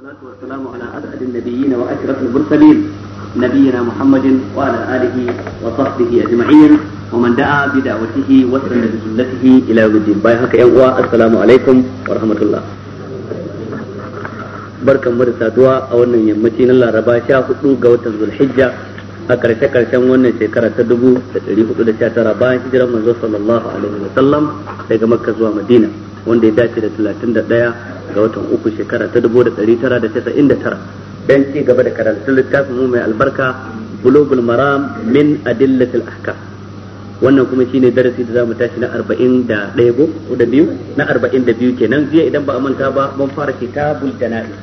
والصلاة والسلام على أسعد النبيين وأشرف المرسلين نبينا محمد وعلى آله وصحبه أجمعين ومن دعا بدعوته وسن بسنته إلى يوم الدين باي هكا السلام عليكم ورحمة الله barkan mu da saduwa a wannan yammaci na laraba sha hudu ga watan hijja a karshe karshen wannan shekara ta dubu da ɗari hudu da sha tara bayan hijirar manzo sallallahu alaihi wa daga makka zuwa madina wanda ya dace da talatin da daya. ga watan uku shekara ta dubu da ɗari tara da casa'in da tara dan ci gaba da karatu. littafin mu mai albarka bulogul maram min adillatil ahkam wannan kuma shine darasi da zamu tashi na arba'in da ɗaya go da biyu na arba'in da biyu kenan jiya idan ba a manta ba mun fara kitabul jana'is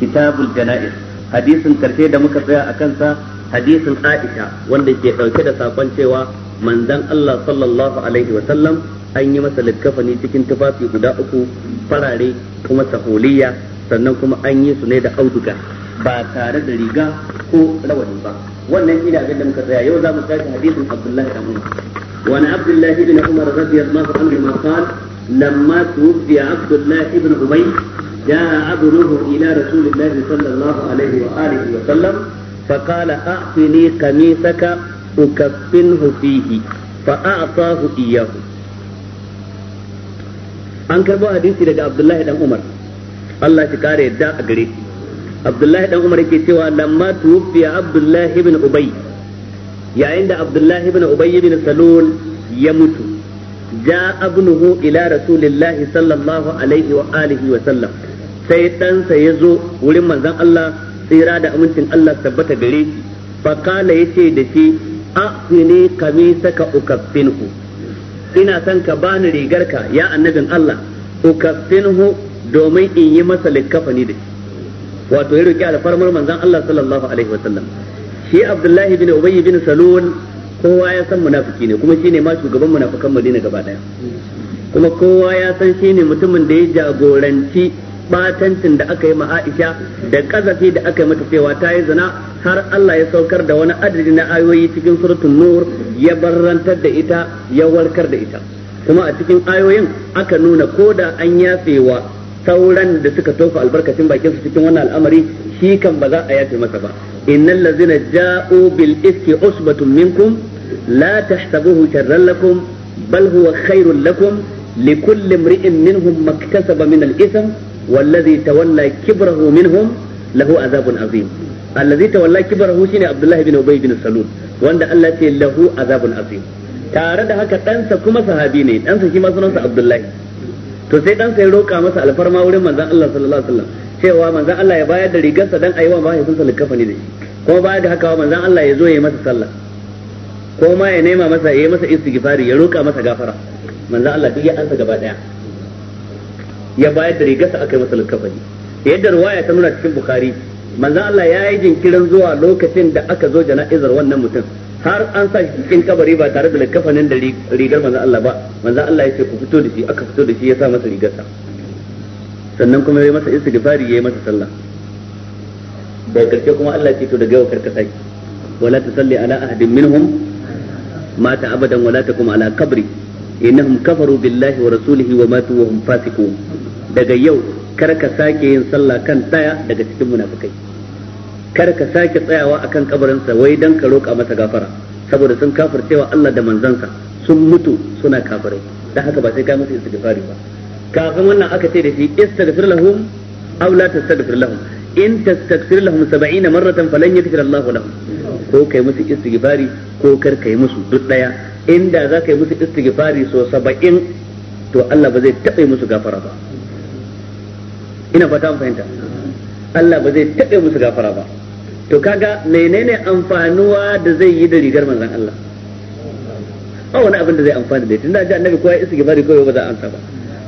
kitabul jana'is hadisin karshe da muka tsaya a kansa hadisin Aisha wanda ke ɗauke da sakon cewa manzon Allah sallallahu alaihi wa sallam an yi masa likkafani cikin tufafi guda uku farare kuma saholiya sannan kuma an yi su ne da auduga ba tare da riga ko rawani ba wannan shine abin da muka tsaya yau za mu tashi hadisin Abdullahi ibn Umar wa na Abdullahi ibn Umar radiyallahu anhu ma qala lamma tuwfiya Abdullahi ibn Ubay جاء عبده إلى رسول الله صلى الله عليه وآله وسلم فقال أعطني قميصك أكفنه فيه فأعطاه إياه an karbo hadisi daga Abdullahi dan Umar Allah shi kare yadda a gare shi Abdullahi dan Umar yake cewa lamma tuwfiya Abdullahi ibn Ubay yayin da Abdullahi ibn Ubay ibn Salul ya mutu ja abnuhu ila rasulillahi sallallahu alaihi wa alihi wa sallam sai ɗansa ya zo wurin manzon Allah tsira da amincin Allah tabbata gare shi fa kala yace da shi aqini kamisaka ukaffinku ina son ka bani ka ya annabin Allah ukaffinhu domin in yi masa likafani da wato ya roki alfarmar manzon Allah sallallahu alaihi sallam shi Abdullahi bin Ubay bin Salul kowa ya san munafiki ne kuma shine ma shugaban munafikan Madina gaba daya kuma kowa ya san shine mutumin da ya jagoranci batancin da aka yi ma Aisha da kazafi da aka yi mata cewa ta yi zina har Allah ya saukar da wani adadi na ayoyi cikin suratul nur ya barrantar da ita ya warkar da ita kuma a cikin ayoyin aka nuna ko da an yafe wa sauran da suka tofa albarkacin bakin su cikin wannan al'amari shi kan ba za a yafe masa ba innal ladzina ja'u bil iski usbatun minkum la tahsabuhu sharran lakum bal huwa khairul lakum likulli امرئ minhum maktasaba min al-ithm wallazi tawalla kibrahu minhum lahu azabun azim allazi tawalla kibrahu shine abdullahi bin ubay bin salul wanda Allah ce lahu azabun عظيم tare da haka ɗansa kuma sahabi ne ɗansa shi ma sunansa abdullahi to sai ɗansa ya roƙa masa alfarma wurin manzon Allah sallallahu alaihi wasallam cewa manzon Allah ya bayar da rigarsa dan ayi wa mahaifinsa likafani da shi ba baya da haka manzon Allah ya zo ya yi masa sallah ko ma ya nema masa ya yi masa istighfari ya roƙa masa gafara manzon Allah duk ya ansa gaba daya ya bayar da rigarsa aka yi masa likafani yadda ruwaya ta nuna cikin bukhari manzo Allah ya yi jinkirin zuwa lokacin da aka zo jana'izar wannan mutum har an sa cikin kabari ba tare da likafanin da rigar manzo Allah ba manzo Allah ya ce ku fito da shi aka fito da shi ya sa masa rigarsa sannan kuma ya yi masa istighfari ya yi masa sallah da karshe kuma Allah ya ce to daga yau karka saki wala tusalli ala ahadin minhum mata abadan wala takum ala qabri innahum kafaru billahi wa rasulihi wa matu wa hum fasiqun daga yau kar ka sake yin sallah kan daya daga cikin munafikai kar ka sake tsayawa akan kabarinsa wai dan ka roƙa masa gafara saboda sun kafircewa Allah da manzansa sun mutu suna kafirai dan haka ba sai ka musu istighfari ba kafin wannan aka ce da shi istaghfir lahum aw la tastaghfir lahum in tastaghfir lahum 70 marratan falan yaghfir Allahu lahum ko kai musu istighfari ko kar kai musu duk daya inda za ka yi musu istighfari so 70 to Allah ba zai taɓa musu gafara ba ina fata an fahimta Allah ba zai taɓe musu gafara ba to kaga menene amfanuwa da zai yi da rigar manzon Allah ba wani abin da zai amfana da ita tunda ji annabi kowa ya isa gibari kowa ba za a ansa ba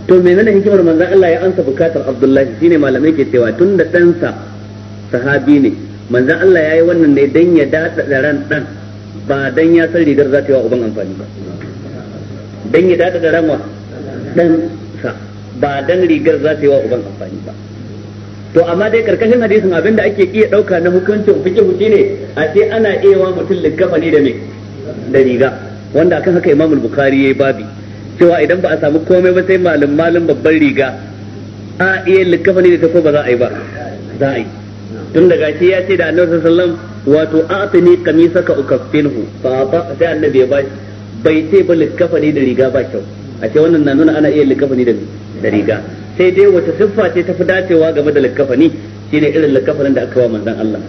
to menene hikimar manzon Allah ya ansa bukatar Abdullahi shine malamai ke cewa da ɗansa sahabi ne manzon Allah ya yi wannan ne dan ya daɗa ran ɗan ba don ya san rigar za ta yi wa uban amfani ba dan ya daɗa ran wa ɗan sa ba dan rigar za ta yi wa uban amfani ba to amma dai karkashin hadisin abin da ake iya dauka na hukuncin fike huci ne a sai ana iya wa mutum likafani da me da riga wanda akan haka Imam Bukhari yayi babi cewa idan ba a samu komai ba sai malum malum babban riga a iya likafani da ta ko ba za a yi ba za a yi tun daga shi ya ce da Annabi sallallahu wato atini qamisaka ukaffinhu fa ba sai Annabi ya bashi bai ce ba likafani da riga ba kyau a ce wannan na nuna ana iya likafani da riga da riga sai dai wata siffa ce tafi dacewa game da lakafani shine irin likkafanin da aka wa manzon Allah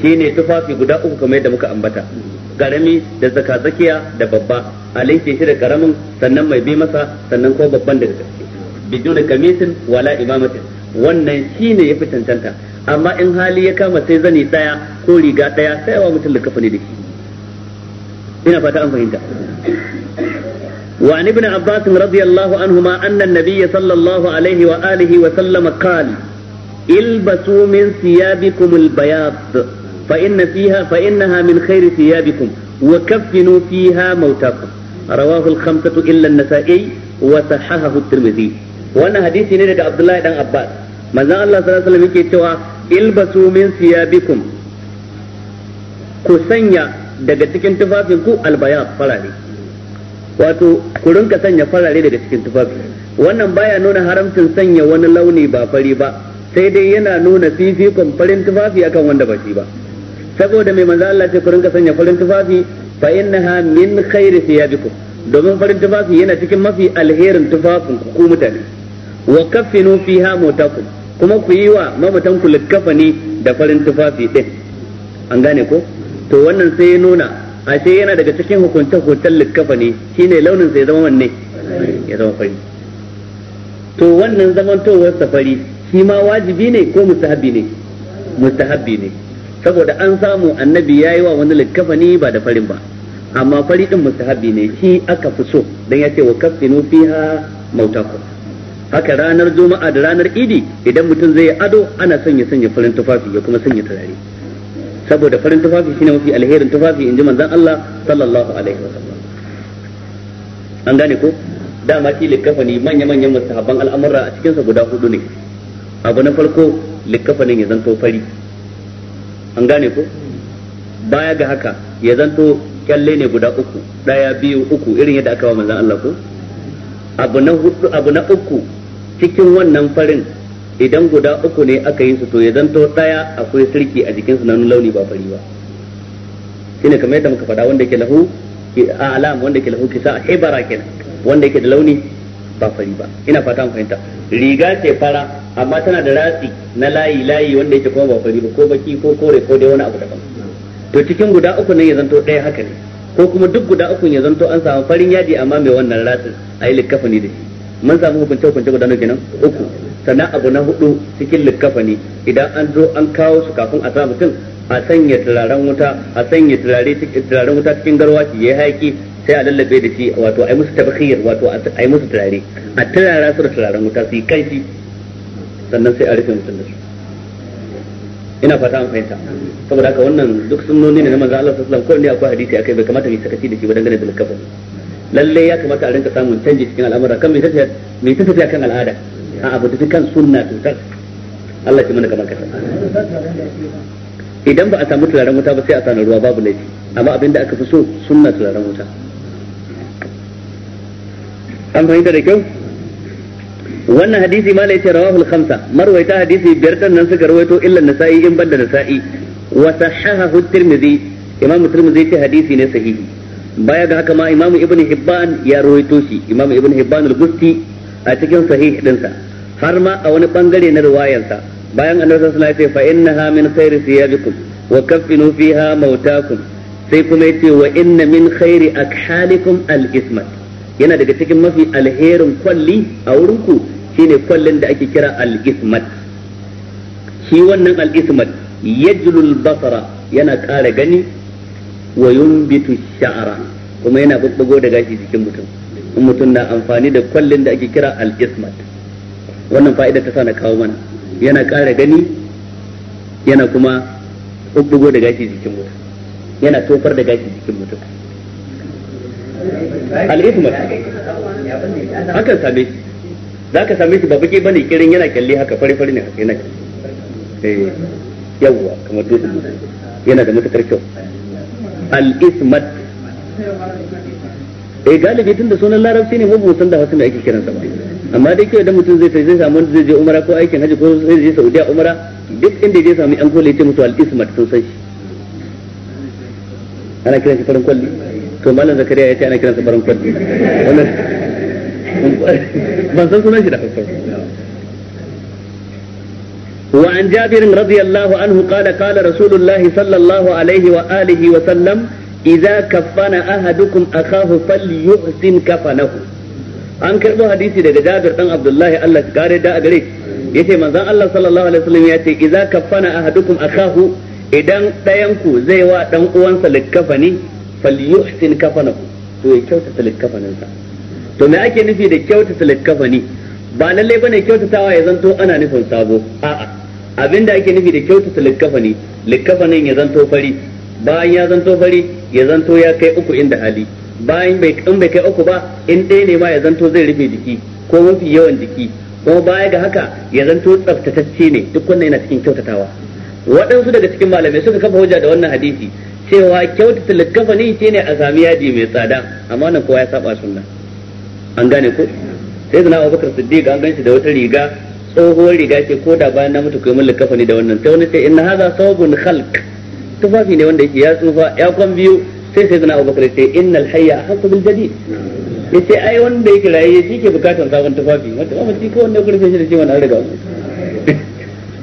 shine tufafi guda uku kamar yadda muka ambata karami da zakazakiya da babba a linke shi da karamin sannan mai bi masa sannan ko babban daga gaske bidun kamisin wala imamatin wannan shine yafi cancanta amma in hali ya kama sai zani daya ko riga daya sai wa mutum lakafani da shi ina fata an fahimta وعن ابن عباس رضي الله عنهما أن النبي صلى الله عليه وآله وسلم قال البسوا من ثيابكم البياض فإن فيها فإنها من خير ثيابكم وكفنوا فيها موتاكم رواه الخمسة إلا النسائي وصححه الترمذي وأنا حديثي نرجع عبد الله بن عباس manzon Allah sallallahu alaihi wasallam yake cewa ilbasu min siyabikum ku sanya daga cikin tufafin ku albayat farare wato ku rinka sanya farare daga cikin tufafi wannan baya nuna haramcin sanya wani launi ba fari ba sai dai yana nuna fifikon farin tufafi akan wanda ba shi ba saboda mai manzo Allah ce ku rinka sanya farin tufafi fa innaha min khairi thiyabikum domin farin tufafi yana cikin mafi alherin tufafin ku ku mutane wa kaffinu fiha mutakum kuma ku yi wa mamatan ku likkafani da farin tufafi din an gane ko to wannan sai ya nuna ashe yana daga cikin hukunce hukuntar littafa ne shi ne launin sai zama wanne ya zama fari to wannan zamantowar safari shi ma wajibi ne ko mustahabi ne mustahabi ne saboda an samu annabi yi wa wani littafa ne ba da farin ba amma fari din mustahabi ne shi aka fi so don ya ce wa kafinu fiha mautakum haka ranar juma'a da ranar idi idan mutum zai ado ana son ya sanya farin tufafi ya kuma sanya turare saboda farin tufafi shine mafi alherin tufafi in ji manzan Allah sallallahu alaihi wasallam an gane ko dama shi likafani manya manyan mustahabban al'amurra a cikinsa guda hudu ne abu na farko likafanin ya zanto fari an gane ko baya ga haka ya zanto kyalle ne guda uku daya biyu uku irin yadda aka wa manzan Allah ko abu na hudu abu na uku cikin wannan farin idan guda uku ne aka yi su to ya zanto daya akwai sirki a jikin su na launi ba fari ba shine kamar yadda muka faɗa wanda ke lahu alam wanda ke lahu kisa hibara kenan wanda yake da launi ba fari ba ina fata mun fahimta riga ce fara amma tana da ratsi na layi layi wanda yake kuma ba fari ba ko baki ko kore ko dai wani abu daban to cikin guda uku ne ya zanto daya haka ne ko kuma duk guda uku ya zanto an samu farin yadi amma mai wannan ratsin a yi likkafa ne da shi mun samu hukunce hukunce guda nawa kenan uku sannan abu na hudu cikin ne idan an zo an kawo su kafin a sa mutum a sanya turaren wuta a sanya turare turaren wuta cikin shi ya haƙi sai a lallabe da shi wato ai musu tabkhir wato ai musu turare a turara su da turaren wuta su yi kaifi sannan sai a rufe mutum da su ina fata an fahimta saboda haka wannan duk sunnoni ne na manzo Allah sallallahu alaihi wasallam ko ne akwai hadisi akai bai kamata mu sakaci da shi ba dangane da likkafani lalle ya kamata a rinka samun canji cikin al'amura kan me ta tafiya kan al'ada a abu da kan sunna tutar Allah ya mana kamar kasa idan ba a samu turaren wuta ba sai a sanar ruwa babu laifi amma abinda aka fi so sunna turaren wuta an fahimta da kyau wannan hadisi ma ne ce rawahul khamsa marwaita hadisi biyar dan nan suka rawaito illa nasa'i in banda nasa'i wa sahahahu tirmidhi imamu tirmidhi ce hadisi ne sahihi baya ga haka ma imamu ibn hibban ya rawaito shi imamu ibn hibban al-busti a cikin sahih dinsa har ma a wani bangare na riwayarsa bayan annabi sallallahu alaihi wasallam ya ce fa innaha min khairi thiyabikum wa kaffinu fiha mautakum sai kuma yace wa inna min khairi akhalikum al-ismat yana daga cikin mafi alherin kwalli a wurin ku shine kwallin da ake kira al-ismat shi wannan al-ismat yajlul basara yana ƙara gani wa yumbitu shara kuma yana bubbugo da gashi mutum mutum na amfani da kwallin da ake kira al-ismat wannan fa'ida ta sa na kawo mana yana ƙara gani yana kuma ɓuɓɓugo da gashi jikin mutum yana tofar da gashi jikin mutum al'ismat hakan same shi za ka same shi ba ba ne kirin yana kyalle haka fari fari ne haka yana eh, yawwa kamar dutse yana da matukar kyau al eh galibi tun da sunan larabci ne mabu san da hasu ne ake kiransa ba amma dai kawai da mutum zai tafi zai samu zai je umara ko aikin haji ko zai je saudiya umara duk inda ya samu yan ya ce musu al sun san shi ana kiran shi farin kwalli to malam zakariya ya ce ana kiran sa farin kwalli ban san sunan shi da farko وعن جابر رضي الله عنه قال قال رسول الله صلى الله عليه وآله وسلم إذا كفن أحدكم أخاه فليحسن كفنه an karɓo hadisi daga Jabir dan Abdullahi Allah ya kare da a gare yace manzon Allah sallallahu alaihi wasallam ya ce idza kafana ahadukum akahu idan ɗayan ku zai wa dan uwansa likkafani falyuhsin kafanahu to ya kyautata sa to me ake nufi da kyautata likkafani ba lallai bane kyautatawa ya zanto ana nufin sabo a'a abinda ake nufi da kyautata likkafani likkafanin ya zanto fari bayan ya zanto fari ya zanto ya kai uku inda hali bayan bai in bai kai uku ba in ɗaya ne ma ya zanto zai rufe jiki ko mafi yawan jiki kuma baya ga haka ya zanto tsaftatacce ne duk wannan yana cikin kyautatawa waɗansu daga cikin malamai suka kafa hujja da wannan hadisi cewa kyautata ce shine a sami yadi mai tsada amma nan kowa ya saba sunna an gane ko sai zana Abubakar Siddiq an ganshi da wata riga tsohuwar riga ce ko da bayan na mutu kai mun ne da wannan sai wani ce inna hadha sawbun khalq tufafi ne wanda yake ya tsufa ya kwan biyu sai sai zana abubakar ce alhayya hayya haqqu bil ya ce ai wanda yake raye shi ke bukatan sabon tufafi wata ba shi ko wanda ya kurfe shi da shi wannan riga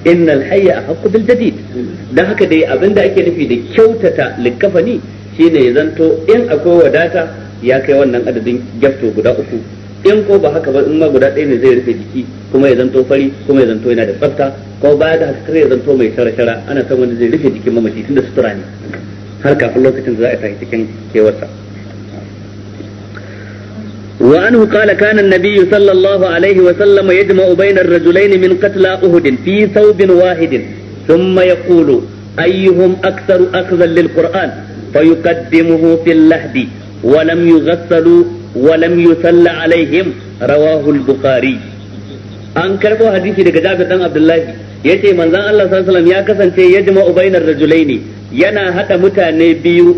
innal hayya a bil jadid don haka dai abinda ake nufi da kyautata likafani shine ya zanto in akwai wadata ya kai wannan adadin gyafto guda uku in ko ba haka ba in ma guda ɗaya ne zai rufe jiki kuma ya zanto fari kuma ya zanto yana da tsafta ko baya da haka ya zanto mai shara-shara ana son wanda zai rufe jikin mamaci tunda sutura ne har kafin lokacin da za a tafi cikin kewarsa وعنه قال كان النبي صلى الله عليه وسلم يجمع بين الرجلين من قتلى أهد في ثوب واحد ثم يقول أيهم أكثر أخذا للقرآن فيقدمه في اللحد ولم يغسلوا ولم يصل عليهم رواه البخاري an karbo hadisi daga Jabir dan Abdullahi yace manzon Allah sallallahu alaihi wasallam ya kasance yajma'u bainar rajulaini yana haɗa mutane biyu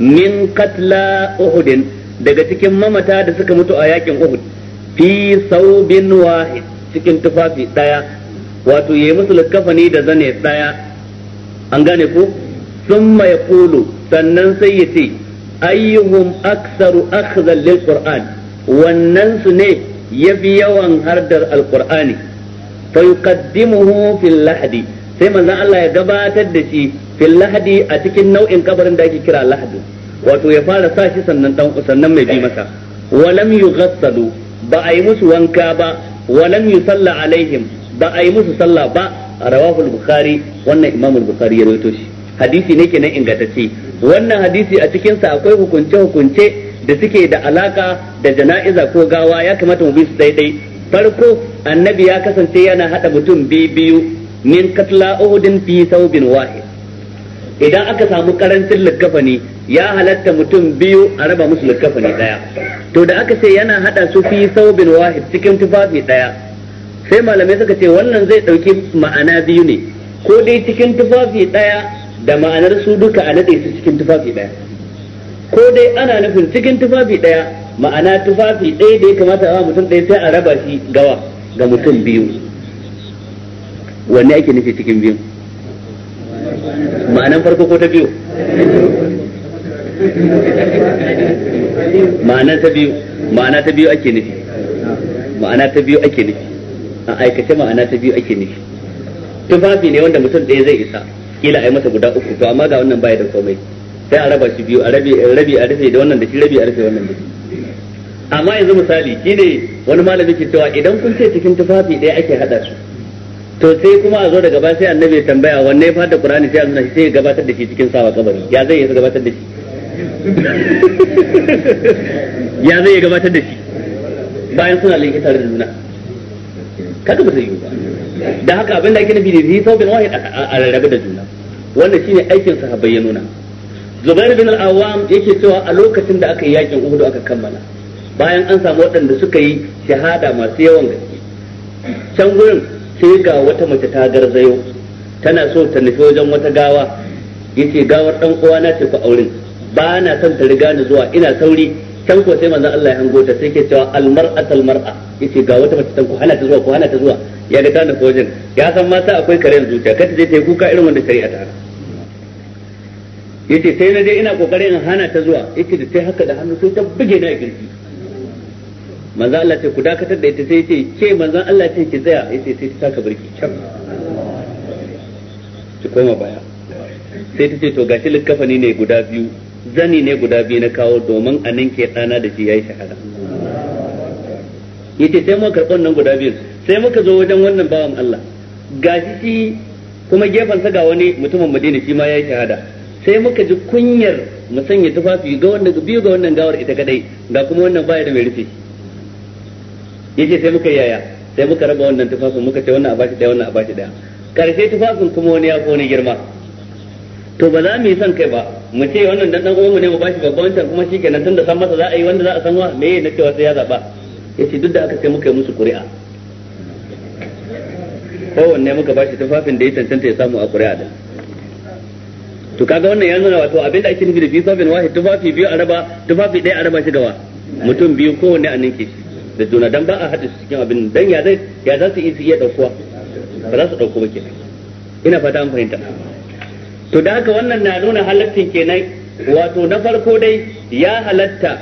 min katla uhudin daga cikin mamata da suka mutu a yakin uhud fi saubin wahid cikin tufafi daya wato yayi musu kafani da zane daya an gane ko summa yaqulu sannan sai yace ce ayyuhum aktsaru akhdhan lilqur'an wannan su ne yafi yawan hardar alqur'ani fa yuqaddimuhu fil lahdi sai manzon Allah ya gabatar da shi fil lahadi a cikin nau'in kabarin da ake kira lahadi wato ya fara sa shi sannan dan sannan mai bi masa walam yughassalu ba a yi musu wanka ba walam yusalla alaihim ba a yi musu sallah ba rawahu al-bukhari wannan imam al-bukhari ya rawaito shi hadisi ne kenan ingantacce wannan hadisi a cikin sa akwai hukunce hukunce da suke da alaka da jana'iza ko gawa ya kamata mu bi su daidai farko annabi ya kasance yana hada mutum biyu min katla uhudin fi saubin wahid idan aka samu karancin likkafani ya halatta mutum biyu a raba musu likkafani daya to da aka ce yana hada su fi saubin wahid cikin tufafi daya sai malamai suka ce wannan zai dauki ma'ana biyu ne ko dai cikin tufafi daya da ma'anar su duka a nade su cikin tufafi daya ko dai ana nufin cikin tufafi daya ma'ana tufafi ɗaya da ya kamata a mutum ɗaya sai a raba shi gawa ga mutum biyu wanne ake nufi cikin biyu ma'anan farko ko ta biyu ma'ana ta biyu ma'ana ta biyu ake nufi ma'ana ta biyu ake nufi a aikace ma'ana ta biyu ake nufi tufafi ne wanda mutum ɗaya zai isa kila yi masa guda uku to amma ga wannan baya da komai sai a raba shi biyu a rabi rabi a rufe da wannan da shi rabi a rufe wannan da shi amma yanzu misali shi ne wani malami ke cewa idan kun ce cikin tufafi ɗaya ake haɗa su to sai kuma a zo da gaba sai annabi tambaya wanne fa da qur'ani sai a sai gabatar da shi cikin sawa kabari ya zai ya gabatar da shi ya zai ya gabatar da shi bayan suna linki tare da juna kaga ba zai yi ba da haka abin da ake nabi da zai saubin wahid a rarrabe da juna wannan shine aikin sahabbai ya nuna Zubair bin al-Awwam yake cewa a lokacin da aka yi yakin Uhud aka kammala bayan an samu waɗanda suka yi shahada masu yawan gaske can gurin sai ga wata mace ta garzayo tana so ta nufi wajen wata gawa yace gawar dan uwana ce ku auren ba na son ta riga ni zuwa ina sauri can ko sai manzon Allah ya hango ta sai ke cewa almar'at Ya yace ga wata mace tan ku hana ta zuwa ku hana ta zuwa ya ga ta nufi wajen ya san mata akwai karen zuciya kada zai ta yi kuka irin wanda shari'a ta yace sai na je ina kokarin hana ta zuwa yace da sai haka da hannu sai ta buge na girki manzan Allah ce ku dakatar da ita sai ce ke manzan Allah ce ki tsaya ce sai ta saka birki can ki koma baya sai ta ce to gashi likkafani ne guda biyu zani ne guda biyu na kawo domin a ninke ɗana da shi yayi shahada yace sai muka karɓi nan guda biyu sai muka zo wajen wannan bawan Allah gashi shi kuma gefen sa ga wani mutumin Madina shi ma yayi shahada sai muka ji kunyar mu sanya tufafi ga wannan biyu ga wannan gawar ita kadai ga kuma wannan baya da mai rufe yace sai muka yaya sai muka raba wannan tufafin muka ce wannan a bashi daya wannan a bashi daya karshe tufafin kuma wani ya ko girma to ba za mu yi son kai ba mu ce wannan dan dan mu ne mu bashi babban wancan kuma shikenan tunda san masa za a yi wanda za a san wa me na cewa sai ya zaba yace duk da aka sai muka yi musu ƙuri'a kowanne muka bashi tufafin da ya tantance ya samu a ƙuri'a din to kaga wannan ya nuna wato abinda ake nufi da fi safin wahid tufafi biyu a raba tufafi ɗaya a raba shi wa mutum biyu kowanne a ninke shi da juna dan ba a haɗe su cikin abin dan ya zai ya za su iya ɗaukuwa ba za su ɗauko ba kenan ina fata an fahimta to da haka wannan na nuna halattin kenan wato na farko dai ya halatta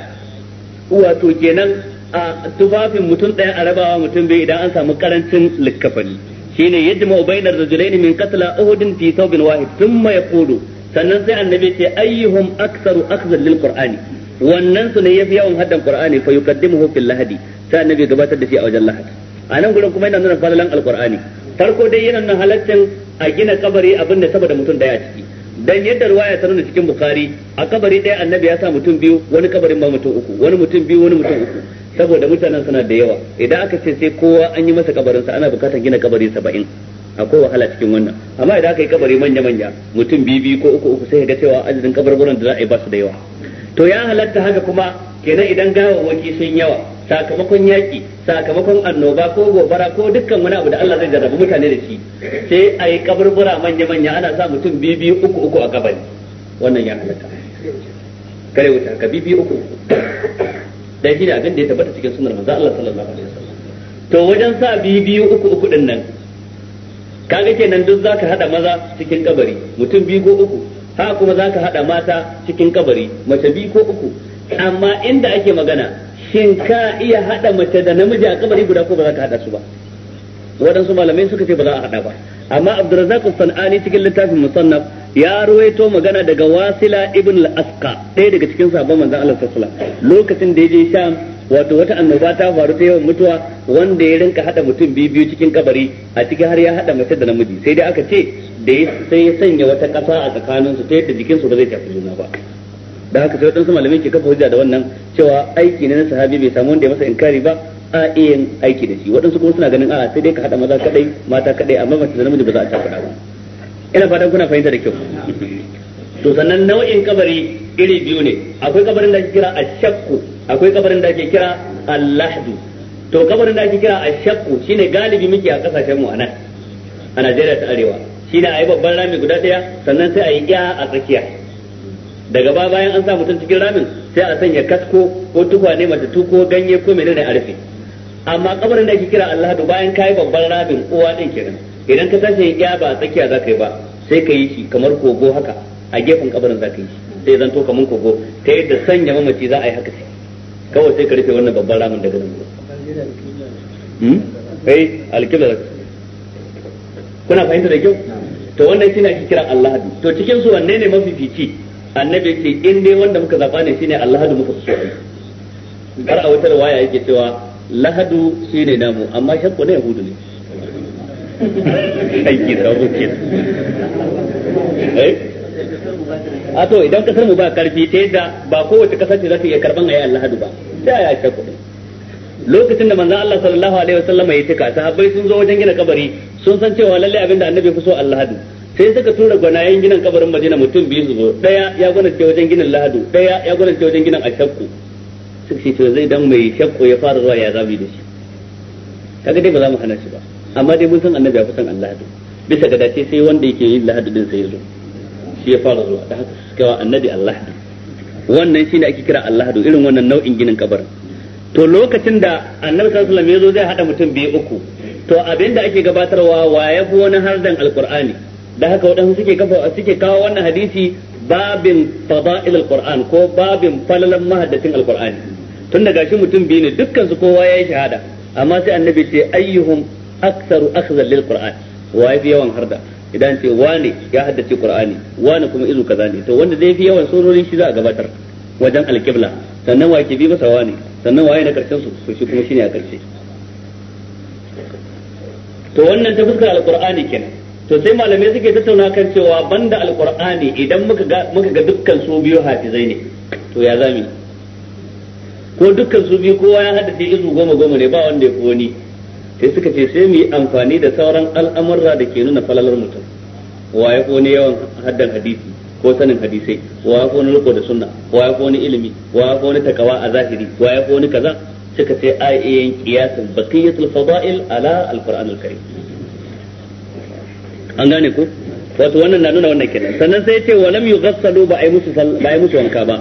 wato kenan a tufafin mutum ɗaya a rabawa mutum bai idan an samu karancin likkafani shine yajma'u da rajulaini min qatla uhudin fi thawbin wahid thumma yaqulu sannan sai annabi ce ayyuhum aktsaru akhzan lil qur'ani wannan su ne yafi yawan haddan qur'ani fa yuqaddimuhu fil lahadi sai annabi gabatar da shi a wajen lahad a nan gurin kuma yana nuna falalan alqur'ani farko dai yana nuna halaccin a gina kabari abin da saboda mutum daya ciki dan yadda ruwaya ta nuna cikin bukhari a kabari daya annabi ya sa mutum biyu wani kabarin ba mutum uku wani mutum biyu wani mutum uku saboda mutanen suna da yawa idan aka ce sai kowa an yi masa kabarinsa ana bukatar gina kabari saba'in akwai wahala cikin wannan amma idan aka yi kabari manya-manya mutum biyu biyu ko uku uku sai ga cewa adadin kabarburan da za a yi ba su da yawa to ya halatta haka kuma kenan idan waki sun yawa sakamakon yaƙi sakamakon annoba ko gobara ko dukkan wani abu da Allah zai jarrabu mutane da shi sai a yi kaburbura manya-manya ana sa mutum biyu biyu uku uku a kabari wannan ya halatta kare wuta ka biyu biyu uku uku dan shi ne abin da ya tabbata cikin sunan manzo Allah sallallahu alaihi wasallam to wajen sa biyu biyu uku uku din nan kaga kenan duk zaka hada maza cikin kabari mutum biyu ko uku ha kuma zaka hada mata cikin kabari mace biyu ko uku amma inda ake magana shin ka iya hada mace da namiji a kabari guda ko ba za ka hada su ba waɗansu malamai suka ce ba za a hada ba amma Abdurrazzaq sanani cikin littafin musannaf ya ruwaito magana daga Wasila ibn al-Asqa ɗaya daga cikin sahabban manzon Allah sallallahu alaihi wasallam lokacin da yaje Sham wato wata annoba ta faru ta yawan mutuwa wanda ya rinka hada mutum biyu biyu cikin kabari a cikin har ya haɗa mace da namiji sai dai aka ce da sai ya sanya wata ƙasa a tsakaninsu ta yadda jikinsu ba zai tafi juna ba da haka sai wadansu malamai ke kafa hujja da wannan cewa aiki ne na sahabi bai samu wanda ya masa inkari ba a iya aiki da shi wadansu kuma suna ganin a sai dai ka hada maza kadai mata kadai amma mace da namiji ba za a tafi ba ina fatan kuna fahimta da kyau to sannan nau'in kabari iri biyu ne akwai kabarin da ake kira ashakku akwai kabarin da ake kira allahdu to kabarin da ake kira ashakku shine galibi muke a kasashen mu anan a Najeriya ta arewa shine ayi babban rami guda daya sannan sai ayi iya a tsakiya daga ba bayan an sa mutum cikin ramin sai a sanya kasko ko tukwane mata ko ganye ko menene a rufe amma kabarin da ake kira Allah to bayan kai babban ramin uwa din kenan idan ka tashi ya ba tsakiya zaka yi ba sai ka yi shi kamar kogo haka a gefen kabarin zaka yi sai zanto kamar kogo ta yadda sanya mamaci za a yi haka sai kawai sai ka rufe wannan babban ramin daga nan hmm kai eh, alkiblar kuna fahimta da kyau to wannan shine ake kira Allah to cikin su wanne ne mafifici annabi ce in dai wanda muka zaba ne shine allahadu muka so ai kar a wata riwaya yake cewa lahadu shine namu amma shakku ne yahudu ne aiki da rukin eh? a to idan kasar mu ba karfi ta yadda ba kowace kasar ce za ta iya karban ayi allahadu ba sai a yi shakku lokacin da manzon Allah sallallahu alaihi wasallam ya tuka sahabbai sun zo wajen gina kabari sun san cewa lalle abinda annabi fi so allahadu sai suka tura gwanayen ginin kabarin madina mutum biyu zuwa daya ya ce wajen ginin lahadu daya ya ce wajen ginin ashakku suka ce to zai dan mai shakku ya fara zuwa ya zabi da shi kaga dai ba za mu hana shi ba amma dai mun san annabi ya fi san Allah da bisa ga dace sai wanda yake yin lahadu din sai zo shi ya fara zuwa da haka suka wa annabi Allah da wannan shine ake kira Allah da irin wannan nau'in ginin kabarin to lokacin da annabi sallallahu alaihi wasallam ya zo zai hada mutum biyu uku to abinda ake gabatarwa wa ya fi wani hardan alqur'ani da haka waɗansu suke kafa suke kawo wannan hadisi babin fada'il alquran ko babin falalan mahaddacin alqur'ani tun da gashi mutum biyu ne dukkan su kowa yayi shahada amma sai annabi ce ayyuhum aktsaru akhzan lilqur'an wa yafi yawan harda idan ce wane ya haddace qur'ani wane kuma izu kaza ne to wanda zai fi yawan surorin shi za a gabatar wajen alqibla sannan wa ke bi masa wane sannan waye na karshen su to shi kuma shine a karshe to wannan ta fuskar alqur'ani kenan to sai malamai suke tattauna kan cewa banda alqur'ani idan muka ga dukkan su biyu hafizai ne to ya zami ko dukkan su biyu kowa ya haddace izu goma goma ne ba wanda ya fi wani. sai suka ce sai mu yi amfani da sauran al'amurra da ke nuna falalar mutum wa ya fi yawan haddan hadisi ko sanin hadisai wa ya fi da sunna wa ya fi ilimi wa ya fi takawa a zahiri wa ya wani kaza suka ce ai qiyasul baqiyatul fada'il ala al karim an gane ko wato wannan na nuna wannan kenan sannan sai ce lam yughassalu ba ai musu ba ai musu wanka ba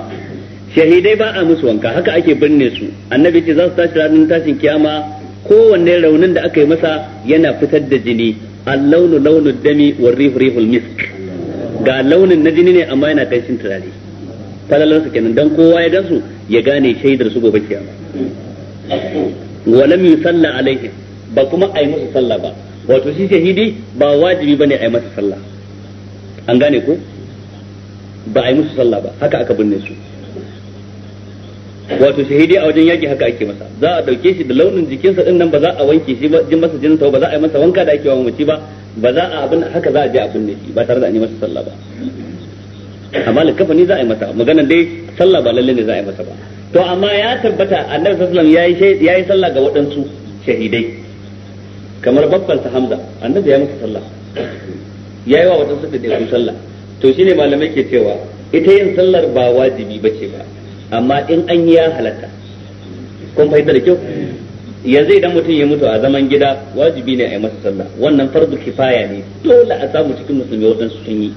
shahidai ba a musu wanka haka ake binne su annabi ce za su tashi ranar tashin kiyama kowanne raunin da aka yi masa yana fitar da jini allaunu launu dami wa rihu rihul misk ga launin na jini ne amma yana kanshin turare falalar su kenan dan kowa ya gansu ya gane shaidar su gobe kiyama walam yusalla alaihi ba kuma ai musu sallah ba wato shi shahidi ba wajibi bane a yi masa sallah an gane ko ba a yi musu sallah ba haka aka binne su wato shahidi a wajen yaki haka ake masa za a dauke shi da launin jikinsa din nan ba za a wanke shi ba jin masa jinin ba za a yi masa wanka da ake wa mamaci ba ba za a abin haka za a je a binne shi ba tare da an yi masa sallah ba amma likafani za a yi masa magana dai sallah ba lalle ne za a yi masa ba to amma ya tabbata annabi sallallahu alaihi wasallam yayi yayi sallah ga waɗansu shahidai kamar babban sa Hamza annabi ya masa sallah yayi wa wadansu da dai sallah to shine malamai ke cewa ita yin sallar ba wajibi bace ba amma in an yi ya halatta kun fahimta da kyau yanzu idan mutum ya mutu a zaman gida wajibi ne a yi masa sallah wannan farzu kifaya ne dole a samu cikin musulmi wajen sun yi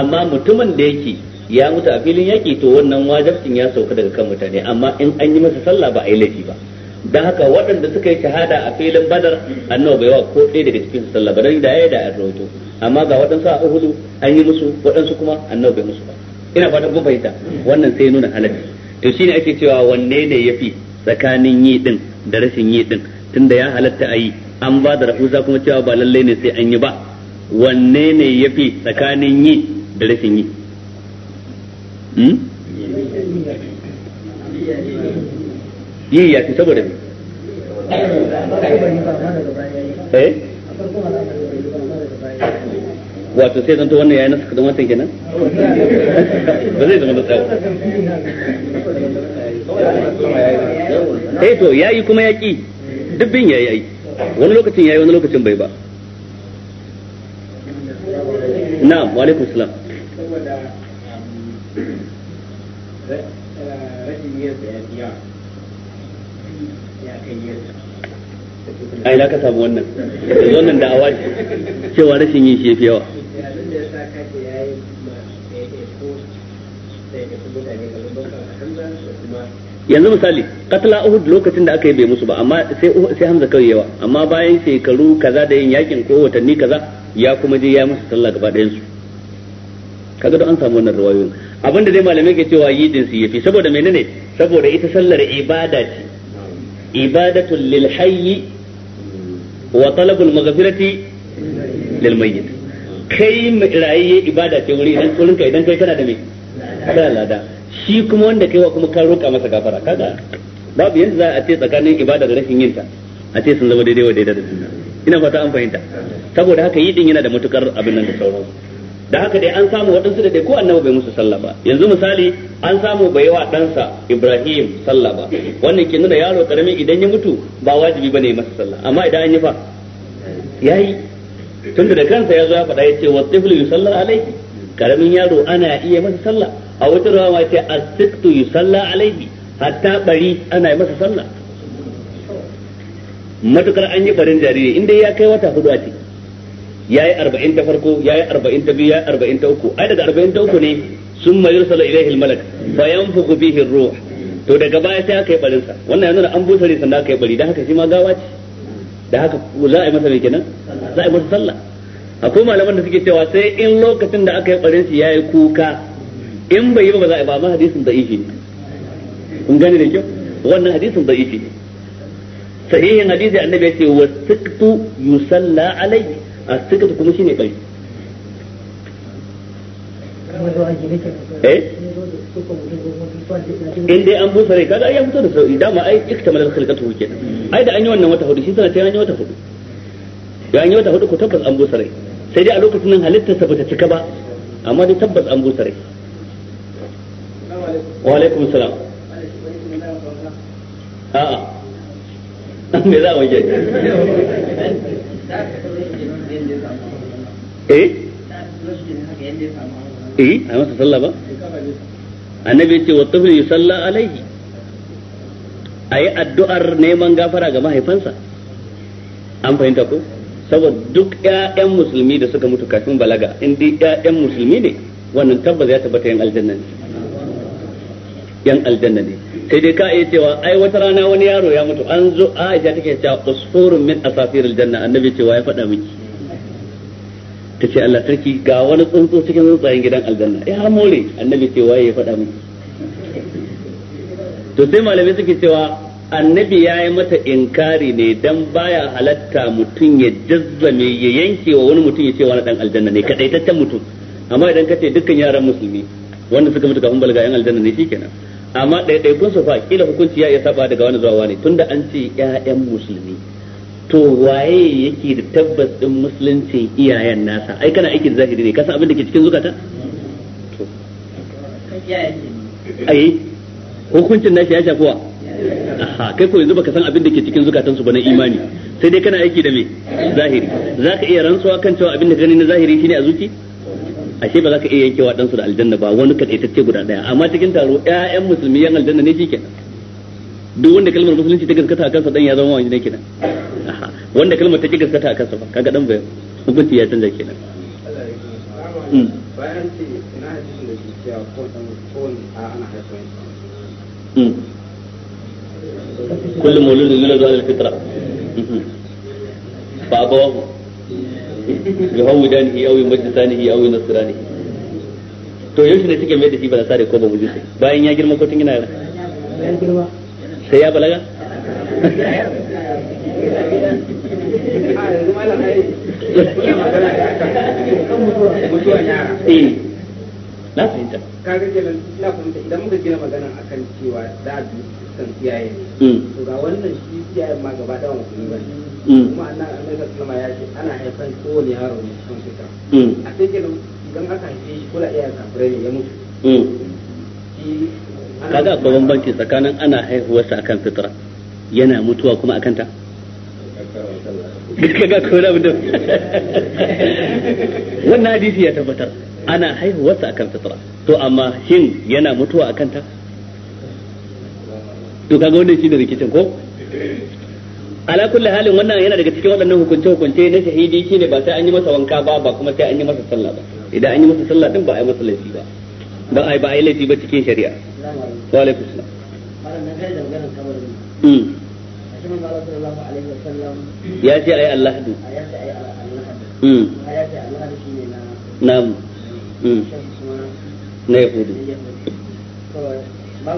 amma mutumin da yake ya mutu a filin yaki to wannan wajabcin ya sauka daga kan mutane amma in an yi masa sallah ba a yi laifi ba dan haka waɗanda suka yi shahada a filin badar annabi bai wa ko ɗaya daga cikin sallah badar da yayi da an rawaito amma ga waɗansu a uhudu an yi musu waɗansu kuma annabi bai musu ba ina fatan kun fahimta wannan sai nuna halacci to shine ake cewa wanne ne yafi tsakanin yi din da rashin yi din tunda ya halatta a yi an ba da rahusa kuma cewa ba lalle ne sai an yi ba wanne ne yafi tsakanin yi da rashin yi hmm? yi ya fi saboda mai eh wato sai zanto wannan yayi nasa kadan watan kenan ba zai zama da tsawo eh to yayi kuma yaki dubbin yayi yayi wani lokacin yayi wani lokacin bai ba na'am wa alaikum salam saboda um, eh, eh, rashin yin bayaniya ai na ka samu wannan da wannan da awa cewa rashin yin shi yawa yanzu misali katla uhud lokacin da aka yi bai musu ba amma sai sai hamza kawai yawa amma bayan shekaru kaza da yin yakin ko watanni kaza ya kuma je ya musu sallah gaba ɗayan su kaga don an samu wannan rawayoyin abinda dai malamai ke cewa yidin su yafi saboda menene saboda ita sallar ibada ce Ibadatu lil hayy wa talabul maghfirati lil mayyit kai rayiye ibada ce wuri idan wurin ka idan kai kana da me kana lada shi kuma wanda kaiwa kuma ka roƙa masa gafara kaga babu yanzu za a ce tsakanin ibada da rashin yinta a ce sun zama daidai wa daidai da juna ina fata an fahimta saboda haka yi din yana da matukar abin nan da sauransu da haka dai an samu waɗansu da dai ko annabi bai musu sallah ba yanzu misali an samu bai wa ɗansa Ibrahim sallah ba wannan ke nuna yaro karami idan ya mutu ba wajibi bane ya masa sallah amma idan an yi fa yayi tunda da kansa ya zo ya faɗa ya ce wa tiflu yusalla alaihi karamin yaro ana iya masa sallah a wata rawa ce as yusalla alaihi hatta bari ana yi masa sallah matukar an yi barin jariri inda ya kai wata hudu a ciki yayi 40 ta farko yayi 40 ta biyu yayi 40 ta uku ai daga 40 ta uku ne mai yursala ilayhi almalak fa yanfukhu bihi ruh to daga baya sai aka yi barin sa wannan yana nuna an busa ne sannan aka yi bari dan haka shi ma gawa ce da haka za a yi masa me kenan za a yi masa sallah akwai malaman da suke cewa sai in lokacin da aka yi barin shi yayi kuka in bai yi ba za a yi ba ma hadisin da ihi ne kun gane da kyau wannan hadisin da ihi ne sahihin hadisi annabi ya ce wasiqtu yusalla alayhi a sikata kuma shine bari eh in dai an busa rai kaga ai ya fito da sauki dama ai iktamal khalqatu kenan ai da an yi wannan wata hudu shi sana sai an yi wata hudu ya an yi wata hudu ko tabbas an busa rai sai dai a lokacin nan halittar sa bata cika ba amma dai tabbas an busa rai wa alaikum salam a'a me za a wajen eh, eh? eh? a masa sallah ba annabi ce wa tufil yusalla alaihi ayi addu'ar neman gafara ga mahaifansa an fahimta ko saboda duk ƴaƴan musulmi da suka mutu kafin balaga in dai ƴaƴan musulmi ne wannan tabbas ya tabbata yan aljanna ne yan aljanna ne sai dai ka iya cewa ai wata rana wani yaro ya mutu an zo a ita take cewa usfurun min asafir aljanna annabi cewa ya faɗa miki tace Allah sarki ga wani tsuntsu cikin tsuntsayen gidan aljanna eh ya more annabi cewa ya faɗa miki to sai malamai suke cewa annabi ya yi mata inkari ne dan baya halatta mutum ya jazzame ya yanke wa wani mutum ya ce wani dan aljanna ne kadaitaccen mutum amma idan ka ce dukkan yaran musulmi wanda suka mutu kafin balaga yan aljanna ne shikenan amma ɗaiɗaikun su fa kila hukunci ya iya saba daga wani zuwa wani tunda an ce ƴaƴan musulmi to waye yake da tabbas din musulunci iyayen nasa ai kana aikin zahiri ne kasan abin da ke cikin zukata to ai hukuncin nashi ya shafi wa aha kai ko yanzu baka san abin da ke cikin zukatan su ba na imani sai dai kana aiki da me zahiri zaka iya rantsuwa kan cewa abin da gani na zahiri shine a zuci ashe ba za ka iya yankewa ɗansu da aljanna ba wani kaɗaitacce guda ɗaya amma cikin taro ƴaƴan musulmi yan aljanna ne shikenan duk wanda kalmar musulunci ta gaskata a kansa dan ya zama wani ne kenan wanda kalmar ta ki gaskata a kansa ba kaga dan bai hukunci ya canza kenan bayan ce ina hadisin da ke cewa ko dan ana haifar yuhawidanihi aw yumajjisanihi aw nasrani to yaushe ne suke mai da shi ba da ko ba mu mujisi bayan ya girma ko tun yana girma sai ya balaga a yanzu eh na fahimta kaga kenan ina fahimta idan muka gina magana akan cewa da bi kan iyaye hmm. to ga wannan shi iyayen ma gaba da wani ba hmm. kuma annan annan da kuma ya ce ana haifan kowane yaro ne cikin fita hmm. a sai kenan idan aka haife shi kula iyayen kafirai ne ya mutu kaga akwai bambanci tsakanin ana haihuwar sa akan fitra yana mutuwa kuma akan ta kaga kowa da wannan hadisi ya tabbatar ana haihuwarsa akan fitra to amma shin yana mutuwa akan ta to kaga wannan shi da rikicin ko ala kulli halin wannan yana daga cikin waɗannan hukunce hukunce na shahidi shine ba sai an yi masa wanka ba ba kuma sai an yi masa sallah ba idan an yi masa sallah din ba a yi masa laifi ba ba ai ba a yi laifi ba cikin shari'a wa alaikum salam hmm. ya ce ai Allah hadu ya ce ai Allah hadu hmm. na Hmm. na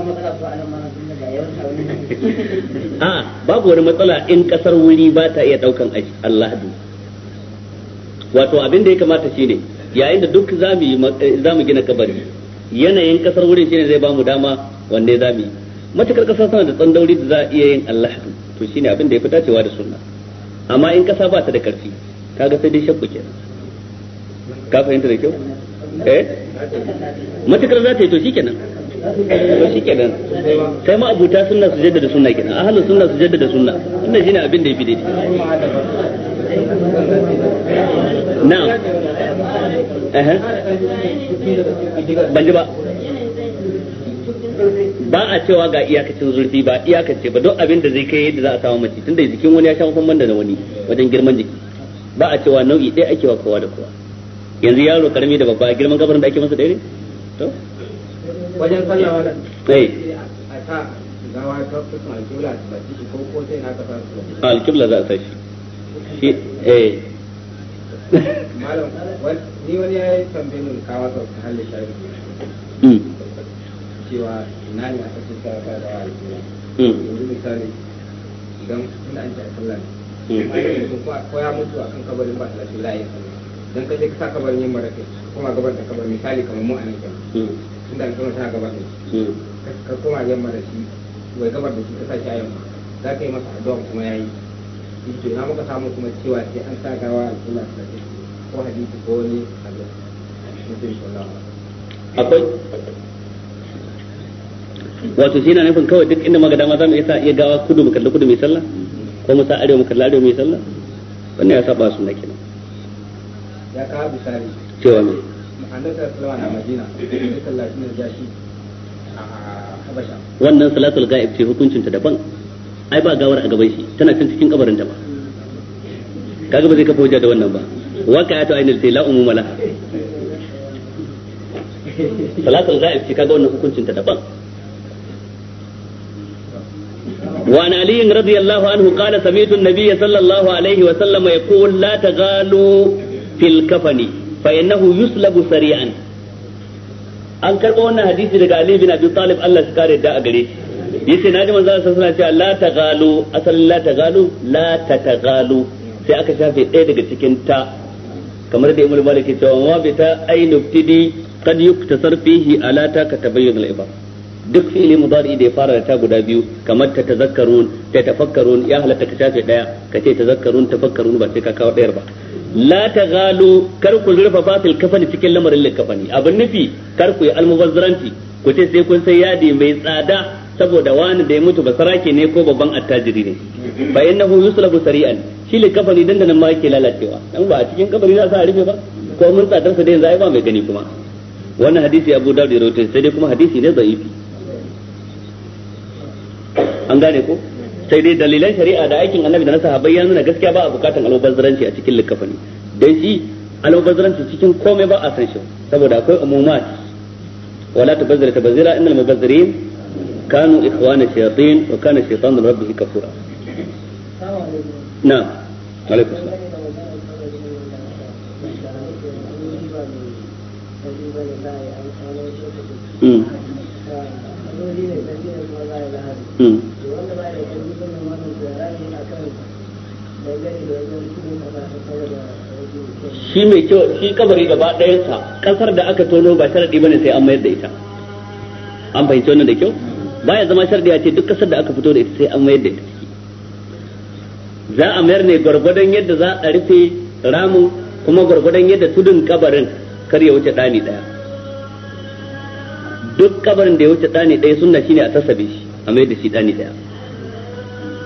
ah, babu wani matsala in kasar wuri ba ta iya daukan allahadu wato abin da ya kamata shine yayin da duk eh, za mu gina kabari yanayin kasar wurin shine zai ba mu dama wanne za mu yi matukar kasar sana da tsandauri da za a iya yin allahadu to shine abin da ya fi dacewa da sunna amma in kasa ba ta da karfi ga sai dai shakku kenan ka fahimta da kyau eh matukar za ta yi to kenan to kenan sai ma abuta sunna su jaddada sunna kenan ahlus sunna su jaddada sunna wannan shine abin da yafi daidai na'am eh banji ba ba a cewa ga iyakacin zurfi ba iyakance ba don abin da zai kai yadda za a samu mace tunda jikin wani ya sha hukumman da na wani wajen girman jiki ba a cewa nau'i ɗaya ake wa kowa da kowa yanzu yaro karami da babba girman kabarin da ake masa daidai to wajen sallawa da a ta gawa ta fuskar alkibla ta ci ko ko sai na ka fara alkibla za a tashi shi eh malam ni wani yayi tambaye mun kawo ta halle shafi hmm. cewa ina ne aka ce sai ka da alkibla hmm. yanzu misali idan kuna an ta ne hmm. ko ya mutu akan kabarin ba ta la'ayin dan kaje ka saka barin yamma ka kai kuma gaban da kabar bar misali kamar mu a nan hmm. tun da alƙawar ta gaban ne hmm. ka koma yamma da shi bai gabar da shi ka saki a yamma za ka yi masa addu'a kuma ya yi to na muka samu kuma cewa sai an sa gawa alƙawar ta ko hadisi ko wani hadisi mutum sallallahu akwai wato shi na nufin kawai duk inda maga dama za mu iya sa iya gawa kudu mu kalli kudu mai sallah ko mu sa arewa mu kalli arewa mai sallah wannan ya saba sunna kenan ya kawo misali cewa ne annabi ya shi a habasha wannan salatul ga'ib ce hukuncin ta daban ai ba gawar a gaban shi tana can cikin kabarin ta ba kaga ba zai kafa hujja da wannan ba waka ta ainihin sai la'umu mala salatul ga'ib ce kaga wannan hukuncin ta daban وعن علي رضي الله عنه قال سمعت النبي صلى الله عليه وسلم يقول لا تغالوا fil kafani fa innahu yuslabu sari'an an karɓo wannan hadisi daga Ali bin Abi Talib Allah ya kare da a gare shi yace naji manzo Allah sallallahu alaihi wasallam la tagalu asal la taghalu la tatagalu sai aka shafe ɗaya daga cikin ta kamar da Imam Malik ya ce wa ta ainu tidi kad yuktasar fihi ala ta katabayyun al ibad duk fi'ili mudari da ya fara da ta guda biyu kamar ta tazakkarun ta tafakkarun ya halatta ka shafe daya ka ce tazakkarun tafakkarun ba sai ka kawo ɗayar ba la ta galu kar ku zurfafa fil kafani cikin lamarin likafani abin nufi kar ku yi almubazzaranci ku ce sai kun sai yadi mai tsada saboda wani da ya mutu basarake ne ko babban attajiri ne fa innahu yuslabu sari'an shi danda nan ma yake lalacewa dan ba a cikin kabari za a rufe ba ko mun tsadar sa dai yanzu ai ba mai gani kuma wannan hadisi Abu Dawud ya rawaito sai dai kuma hadisi ne da'ifi an gane ko sai dai dalilan shari'a da aikin annabi da na sahabbai ya nuna gaskiya ba a bukatan almubazzaranci a cikin likafani dan shi almubazzaranci cikin komai ba a san shi saboda akwai umumat wala tabazzara tabazzira innal mubazzirin kanu ikhwana shayatin wa kana shaytanu rabbihi kafura na. alaikum salam shi mai kyau shi kabari gaba ɗayansa ƙasar da aka tono ba sharaɗi bane sai an mayar da ita an fahimci wannan da kyau baya zama sharaɗi ya ce duk ƙasar da aka fito da ita sai an mayar da ita za a mayar ne gwargwadon yadda za a rufe ramin kuma gwargwadon yadda tudun kabarin kar ya wuce ɗani ɗaya duk kabarin da ya wuce ɗani ɗaya sunna shine a tasabe shi a mai da shi ɗani ɗaya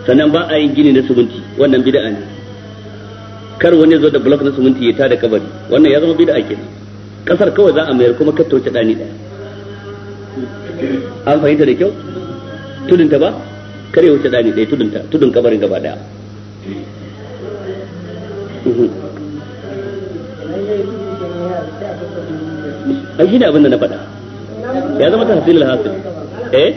sannan ba a yin gini na sumunti wannan bid'a ne kar wani zo da blok na sumunti ya tada kabari wannan ya zama bid'a kenan kasar kawai za a mayar kuma kar ta wuce ɗani ɗaya an fahimta da kyau tudunta ba kar ya wuce ɗani ɗaya tudunta tudun kabarin gaba ɗaya eh. mhm. ai shine abin da na faɗa ya zama hasilin hasil eh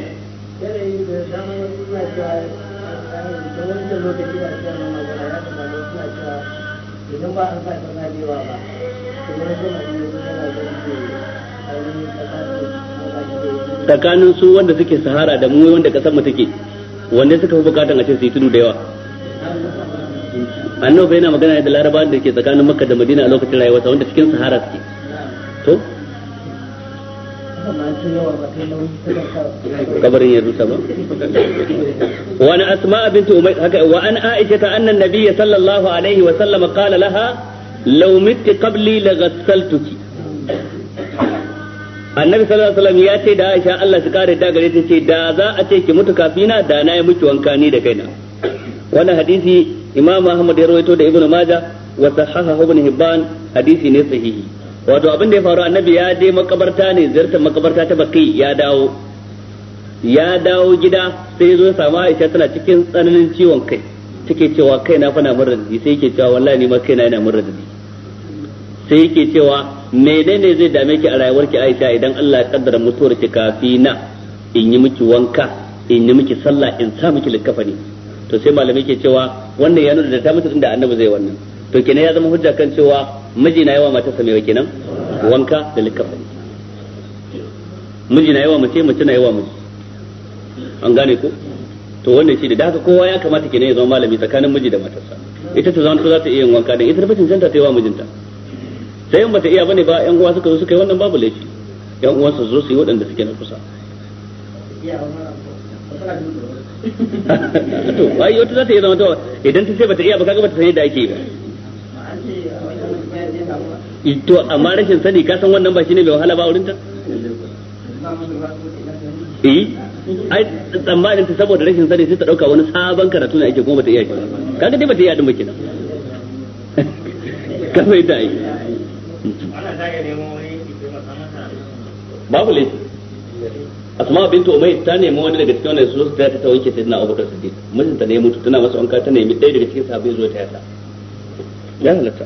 idan tsakanin su wanda suke sahara da mu wanda kasar mu take wanda suka fi bukatan a ce su yi tudu da yawa annabi yana magana da larabawan da ke tsakanin makka da madina a lokacin rayuwarsa wanda cikin sahara suke to kabarin ya wani asma bintu umay haka wa an aisha ta annan nabiyyi sallallahu alaihi wa sallam qala laha qabli la ghassaltuki annabi sallallahu alaihi wasallam ya ce da aisha Allah shi kare ta gare ta ce da za a ce ki mutu kafina da na yi miki wanka ni da kaina Wani hadisi imam ahmad ya rawaito da ibnu majah wa sahahahu ibn hibban hadisi ne sahihi wato abin da ya faru annabi ya je makabarta ne ziyartar makabarta ta bakai ya dawo ya dawo gida sai zo ya samu Aisha tana cikin tsananin ciwon kai take cewa kai na fana mun radadi sai yake cewa wallahi ni ma kai na yana mun radadi sai yake cewa menene zai dame ki a rayuwarki Aisha idan Allah ya kaddara mutuwar ki kafina in yi miki wanka in yi miki sallah in sa miki likafani? to sai malami ke cewa wannan ya nuna da ta mutu inda annabi zai wannan to kenan ya zama hujja kan cewa miji na yawa mata mai kenan wanka da likafa miji na yawa mace mace na yawa miji an gane ko to wannan shi da haka kowa ya kamata kenan ya zama malami tsakanin miji da matarsa ita ta zanto za ta iya yin wanka dan ita ta janta ta yi wa mijinta sai in bata iya bane ba yan uwa suka zo suka yi wannan babu laifi yan uwan su zo su yi waɗanda suke na kusa to ai wata za ta iya zama to idan ta ce bata iya ba kaga bata san yadda ake ba Eh, to amma rashin sani ka san wannan ba shine mai wahala ba wurin ta eh ai tsammanin ta saboda rashin sani sai ta dauka wani sabon karatu ne ake kuma bata iya shi kaga dai bata iya din ba kenan ka mai da ai babu laifi asma bintu umayy ta nemi wani daga cikin wanda su ta ta wanke dina abubakar siddiq mijinta ne mutu tana masa wanka ta nemi ɗaya daga cikin sahabbai zuwa ta yata ya halatta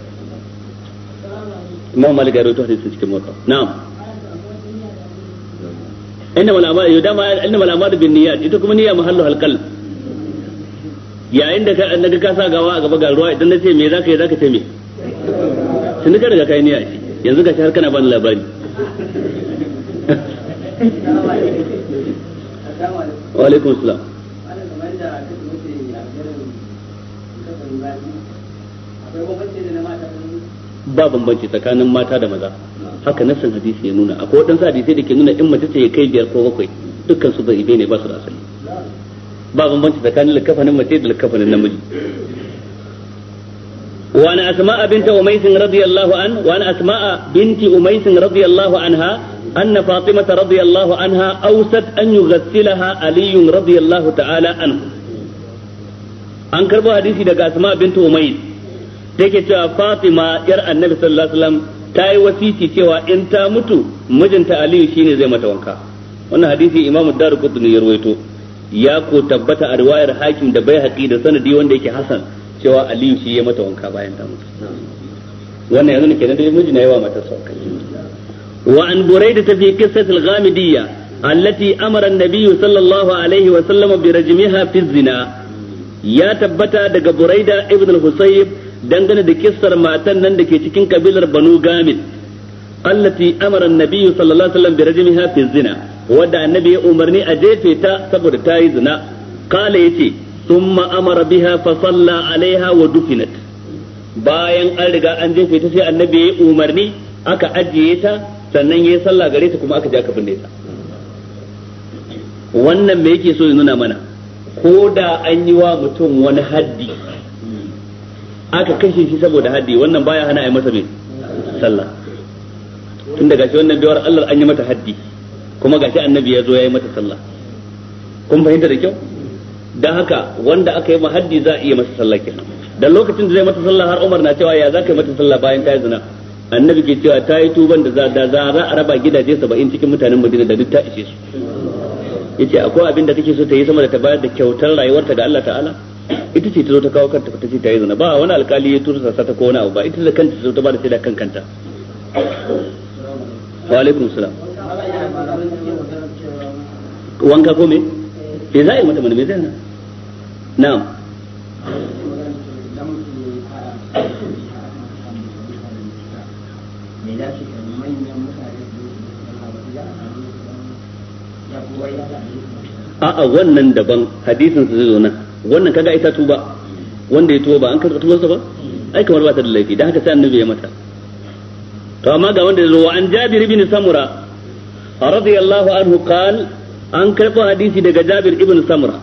imam malik ya rawaito hadisin cikin mota na'am inna ma a'mal yudama inna mal a'mal bin niyyat ita kuma niyya mahallu halqal yayin da ka daga ka sa gawa a gaba ga ruwa idan nace me zaka yi zaka ce me tun ka daga kai niyya shi yanzu ga shi har kana bani labari wa alaikum salaam. ba bambanci tsakanin mata da maza haka nassan hadisi ya nuna akwai waɗansu hadisai da ke nuna in mace ce ya kai biyar ko bakwai dukkan su bai ne ba su da asali ba bambanci tsakanin likafanin mace da likafanin namiji وعن أسماء بنت أميس رضي الله عنه وعن أسماء بنت أميس رضي الله عنها أن فاطمة رضي الله عنها أوست أن يغسلها علي رضي الله تعالى عنه أنكر حديثي دقى أسماء بنت أميس take cewa Fatima yar Annabi sallallahu alaihi wasallam ta yi wasiti cewa in ta mutu mijinta Aliyu shine zai mata wanka wannan hadisi Imam Ad-Darqutni ya rawaito ya ko tabbata a riwayar Hakim da Baihaqi da sanadi wanda yake Hasan cewa Aliyu shi ya mata wanka bayan ta mutu wannan yanzu ne kenan da mijina yawa mata sauka wa an burayda fi qissat al-ghamidiyya allati Amar'an an-nabiy zina ya tabbata daga Buraida, ibn al dangane da kissar matan nan da ke cikin kabilar banu gamit allati amara annabi sallallahu alaihi wasallam bi rajmiha fi zina wadda annabi ya umarni a jefe ta saboda ta yi zina kala yace thumma amara biha fa salla alaiha wa dufinat bayan an riga an jefe ta sai annabi ya umarni aka ajiye ta sannan yayi sallah gare ta kuma aka ja kafin ta wannan me yake so ya nuna mana ko da an yi wa mutum wani haddi aka kashe shi saboda haddi wannan baya hana a yi masa mai sallah tun daga shi wannan biyar Allah an yi mata haddi kuma gashi annabi ya zo ya yi mata sallah kun fahimta da kyau dan haka wanda aka yi haddi za a iya masa sallah kenan dan lokacin da zai mata sallah har Umar na cewa ya za ka yi mata sallah bayan ta yi zina annabi ke cewa ta yi tuban da za a raba gidaje saba'in cikin mutanen Madina da duk ta ishe su yace akwai abin da kake so ta yi sama da ta bayar da kyautar rayuwarta ga Allah ta'ala ita ce ta zo ta kawo kanta ta ce ta yi zina ba wani alkali ya sassa ta ko wani abu ba ita da kanta ta zo ta ba da sai da kan kanta wa alaikum salam wanka ko me me za a yi mata mana me zai na na'am a'a wannan daban hadisin su zai zo nan wannan kaga ita tuba wanda ya tuba ba an karɓa tubarsa ba ai kamar ba ta da laifi dan haka sai annabi ya mata to amma ga wanda zo an Jabir ibn Samura radiyallahu anhu qal an karɓa hadisi daga Jabir ibn Samura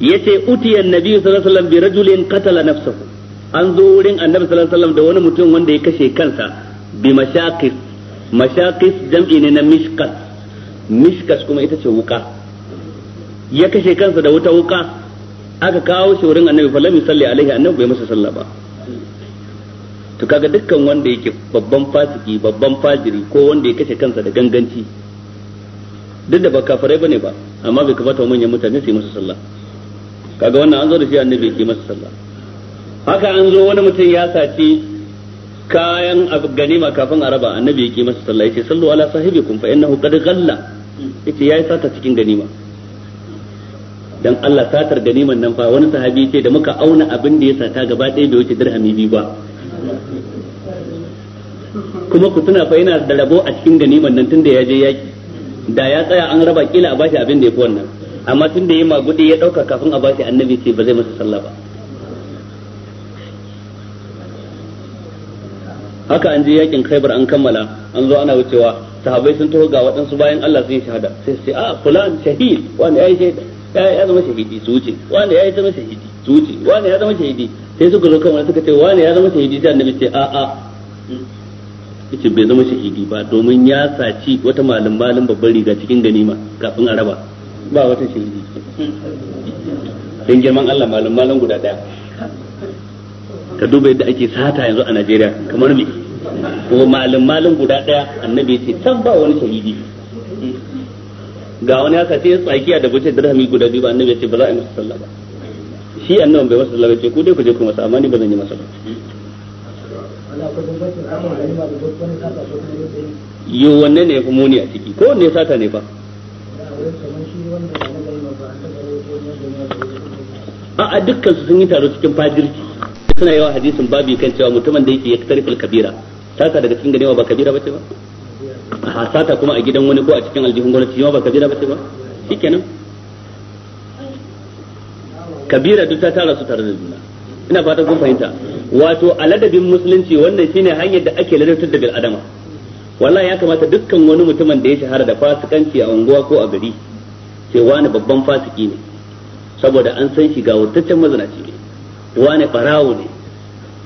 yace utiyan nabi sallallahu alaihi wasallam bi rajulin qatala nafsahu an zo wurin annabi sallallahu alaihi wasallam da wani mutum wanda ya kashe kansa bi mashaqis mashaqis jam'i ne na mishkas mishkas kuma ita ce wuka ya kashe kansa da wuta wuka aka kawo shi wurin annabi falam yusalli alaihi annabi bai masa sallah ba to kaga dukkan wanda yake babban fasiki babban fajiri ko wanda ya kashe kansa da ganganci duk da ba kafirai bane ba amma bai kamata manyan mutane su yi masa sallah kaga wannan an zo da shi annabi ke masa sallah haka an zo wani mutum ya saci kayan ganima kafin araba annabi yake masa sallah yace sallu ala sahibikum fa innahu qad ghalla yace yayi sata cikin ganima dan Allah satar ganiman nan fa wani sahabi ce da muka auna abin da ya sata gaba ɗaya bai wuce dirhami biyu ba kuma ku tuna fa yana da rabo a cikin ganiman nan tunda ya je yaki da ya tsaya an raba kila a bashi abin da ya fi wannan amma tunda ya magudi ya ɗauka kafin a bashi annabi ce ba zai masa sallah ba haka an je yakin khaibar an kammala an zo ana wucewa sahabbai sun taho ga waɗansu bayan Allah sun shahada sai sai a ah, fulan shahid wanda yayi shahid ya zama shahidi su wuce wanda yayi zama shahidi su wuce wanda ya zama shahidi sai suka zo kan wani suka ce wanda ya zama shahidi sai annabi ce a ah, a ah. yace bai zama shahidi ba domin ya saci wata malam-malam babban riga cikin ganima kafin araba ba wata shahidi dan girman Allah malam-malam guda daya ka duba yadda ake sata yanzu a Najeriya kamar me ko malin malin guda daya annabi ce can ba wani shahidi ga wani haka sai tsakiya da bace dirhami guda biyu ba annabi ce ba za a yi masa sallah ba shi annabi bai masa sallah ce ku dai ku je ku masa amma ni ba zan yi masa ba yo wannan ne fi muni a ciki ko wanne sata ne fa a dukkan su sun yi taro cikin fajirci suna yawa hadisin babu kan cewa mutumin da yake ya tarifin kabira sata daga cikin ganewa ba kabira bace ba a sata kuma a gidan wani ko a cikin aljihun gwamnati ba kabira bace ba shikenan kabira duk ta tara su tare da juna ina fata kun fahimta wato aladabin musulunci wannan shine hanyar da ake ladabtar da bil adama wallahi ya kamata dukkan wani mutumin da ya shahara da fasikanci a unguwa ko a gari sai wani babban fasiki ne saboda an san shi ga wutaccen mazinaci ne wane barawo ne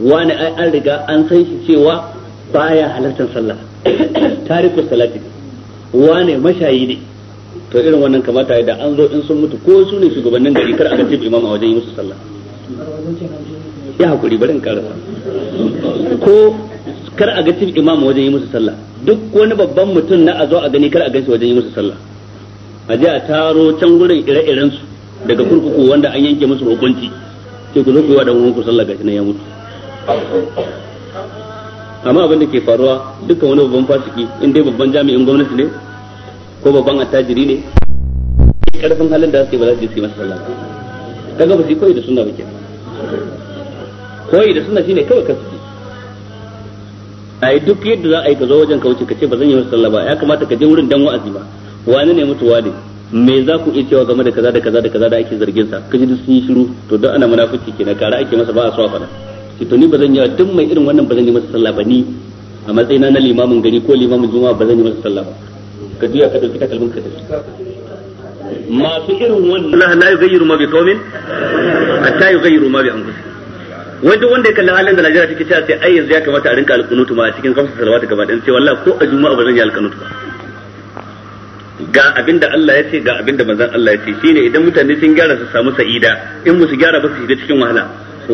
wane an riga an san shi cewa baya halartar sallah tariku salati wane mashayi ne to irin wannan kamata da an zo in sun mutu ko su ne shugabannin gari kar aka ce imam a wajen yi musu sallah ya hakuri barin karasa ko kar a ga cin imam wajen yi musu sallah duk wani babban mutum na a zo a gani kar a ganshi wajen yi musu sallah a je a taro can gurin ire-iren su daga kurkuku wanda an yanke musu hukunci ce ku zo ku yi wa uwanku sallah gashi nan ya mutu amma abin da ke faruwa dukkan wani babban fasiki in dai babban jami'in gwamnati ne ko babban attajiri ne karfin halin da suke ba za su yi masa sallah kaga ba su koyi da sunna ba ke koyi da sunna shine kawai kasu a yi duk yadda za a yi ka zo wajen ka wuce ka ce ba zan yi masa sallah ba ya kamata ka je wurin dan wa'azi ba wani ne mutuwa ne me za ku iya cewa game da kaza da kaza da kaza da ake zargin sa kaji duk sun yi shiru to don ana munafiki kenan kara ake masa ba a suwa a faɗa shi to ni ba zan yi duk mai irin wannan ba zan yi masa sallah ba ni a matsayina na limamin gari ko limamin juma'a ba zan yi masa sallah ba ka juya ka dauki takalmin ka tafi masu irin wannan Allah la yughayyiru ma bi qawmin hatta yughayyiru ma bi anfusihim wanda wanda ya kalli halin da Najeriya take cewa sai ai yanzu ya kamata a rinka alƙunutu ma a cikin kamsa salawatu gaba ɗayan sai wallahi ko a juma'a ba zan yi alƙunutu ba ga abin da Allah ya ce ga abin da manzon Allah ya ce shine idan mutane sun gyara su samu sa'ida in musu gyara ba su shiga cikin wahala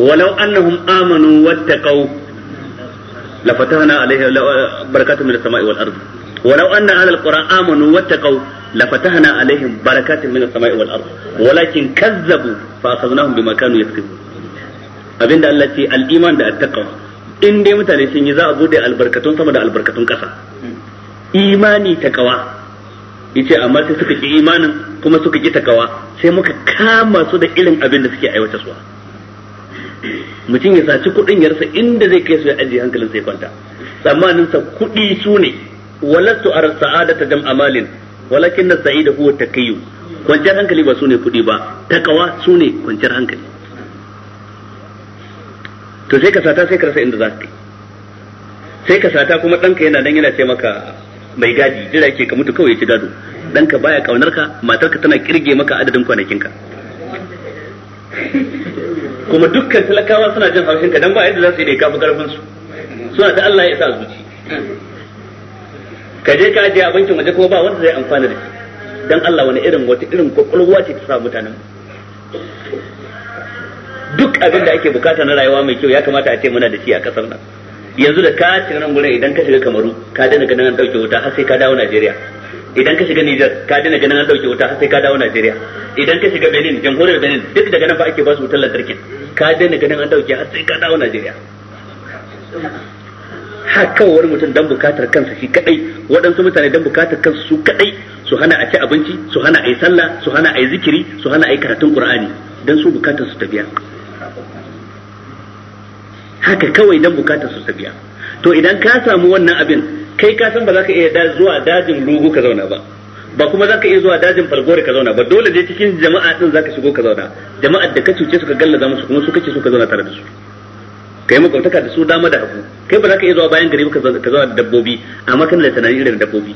walau annahum amanu wattaqau lafatahna alaihi barakatun sama'i wal walau anna ahlal amanu wattaqau lafatahna alaihim barakatun sama'i wal walakin kazzabu fa akhadnahum bima kanu abinda Allah ce al-iman da at-taqwa in dai mutane sun yi za a bude albarkatun sama da albarkatun kasa imani takawa yace amma sai suka ki imanin kuma suka ki takawa sai muka kama su da irin abin da suke aiwata suwa mutum ya saci kuɗin ya rasa inda zai kai su ya ajiye hankalin sai kwanta tsammanin sa kuɗi su ne walastu ar sa'adata jam amalin walakin na sa'ida huwa takayyu kwanciyar hankali ba su ne kuɗi ba takawa su ne kwanciyar hankali to sai ka sata sai ka rasa inda za ka kai sai ka sata kuma ɗanka yana nan yana ce maka mai gadi jira yake ka mutu kawai ya ci gado ka baya kaunar ka matarka tana kirge maka adadin kwanakin ka kuma dukkan talakawa suna jin haushin ka dan ba yadda za su yi da kafa karfin su suna ta Allah ya sa zuci ka je ka ajiye a bankin waje kuma ba wanda zai amfana da shi dan Allah wani irin wata irin kokolwa ce ta sa mutanen duk abin da ake bukata na rayuwa mai kyau ya kamata a ce muna da shi a kasar nan yanzu da ka shiga nan gurin idan ka shiga kamaru ka daina ganin an dauke wuta har sai ka dawo najeriya idan ka shiga niger ka daina ganin an dauke wuta har sai ka dawo najeriya idan ka shiga benin jamhuriyar benin duk daga nan ba ake ba su wutar lantarki ka daina ganin an dauke har sai ka dawo najeriya haka wani mutum dan bukatar kansa shi kadai waɗansu mutane dan bukatar kansu su kadai su hana a ci abinci su hana a yi sallah su hana a yi zikiri su hana a yi karatun qur'ani dan su bukatar su tafiya haka kawai dan bukatar su biya to idan ka samu wannan abin kai ka san ba za ka iya zuwa dajin rugu ka zauna ba ba kuma za ka iya zuwa dajin falgore ka zauna ba dole dai cikin jama'a din za ka shigo ka zauna jama'ar da ka cuce su ka gallaza musu kuma su kace su ka zauna tare da su kai makautaka da su dama da hagu kai ba za ka iya zuwa bayan gari ka zauna da dabbobi amma kana da tunani irin dabbobi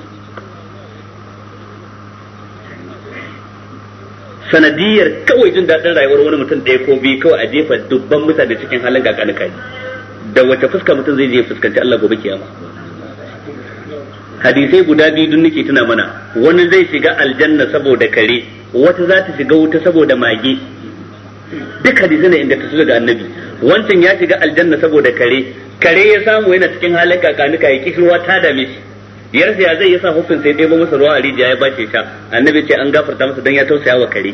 sanadiyar kawai jin daɗin rayuwar wani mutum ɗaya ko biyu kawai a jefa dubban mutane cikin halin ne da wace fuska mutum zai je fuskanci Allah gobe kiyama hadisai guda biyu dun nake tuna mana wani zai shiga aljanna saboda kare wata za ta shiga wuta saboda mage duk hadisai ne inda ta su daga annabi wancan ya shiga aljanna saboda kare kare ya samu yana cikin halin kakanuka ya kishirwa ta dame shi biyar ya zai yasa hufin sai dai masa ruwa a rijiya ya bace sha annabi ce an gafarta masa dan ya tausaya wa kare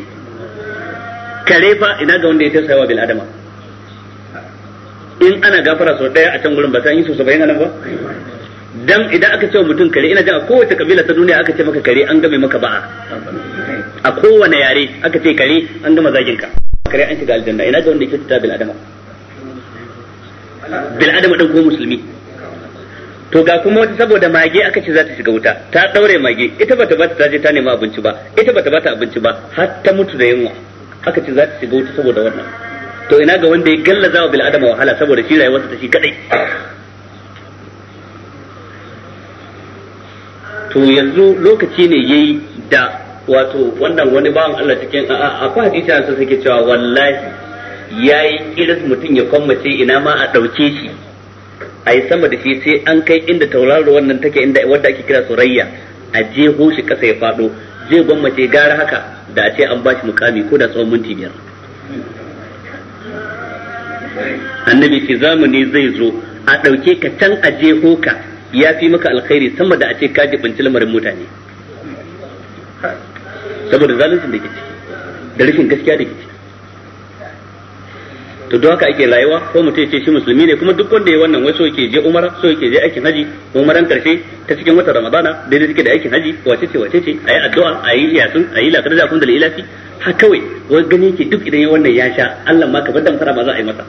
kare fa ina ga wanda ya tausaya wa bil adama in ana gafara sau daya a can gurin ba sai an yi sosai saba'in nan ba dan idan aka ce mutum kare ina jan a kowace kabila ta duniya aka ce maka kare an game maka ba'a a kowane yare aka ce kare an gama zagin ka kare an shiga aljanna ina ga wanda ya kyautata bil adama bil adama dan ko musulmi to ga kuma wata saboda mage aka ce za ta shiga wuta ta daure mage ita bata bata ta je ta nema abinci ba ita bata bata abinci ba har ta mutu da yunwa aka ce za ta shiga wuta saboda wannan to ina ga wanda ya gallaza wa bil adama wahala saboda shi rayuwarsa ta shi kadai to yanzu lokaci ne yayi da wato wannan wani bawan Allah cikin a'a akwai hadisi sai suke cewa wallahi yayi irin mutum ya kwammace ina ma a dauke shi a yi sama da shi sai an kai inda tauraro wannan take inda wanda ake kira surayya a jeho shi kasa ya fado zai gwammace gara haka da a ce an bashi mukami ko da tsawon minti biyar annabi ce zamani zai zo a ɗauke ka can a jeho ka ya fi maka alkhairi sama da a ce ka jibinci lamarin mutane saboda zaluncin da ke ciki da rashin gaskiya da ke ciki to don haka ake rayuwa ko mutum ce shi musulmi ne kuma duk wanda ya wannan wai so yake je umara so yake je aikin haji umaran karshe ta cikin watan ramadana daidai take da aikin haji wace ce wace ce ayi addu'a ayi yasin ayi lakar da kun da ilafi ha kawai wai gani yake duk idan ya wannan ya sha Allah ma ka bar dan fara ba za a yi masa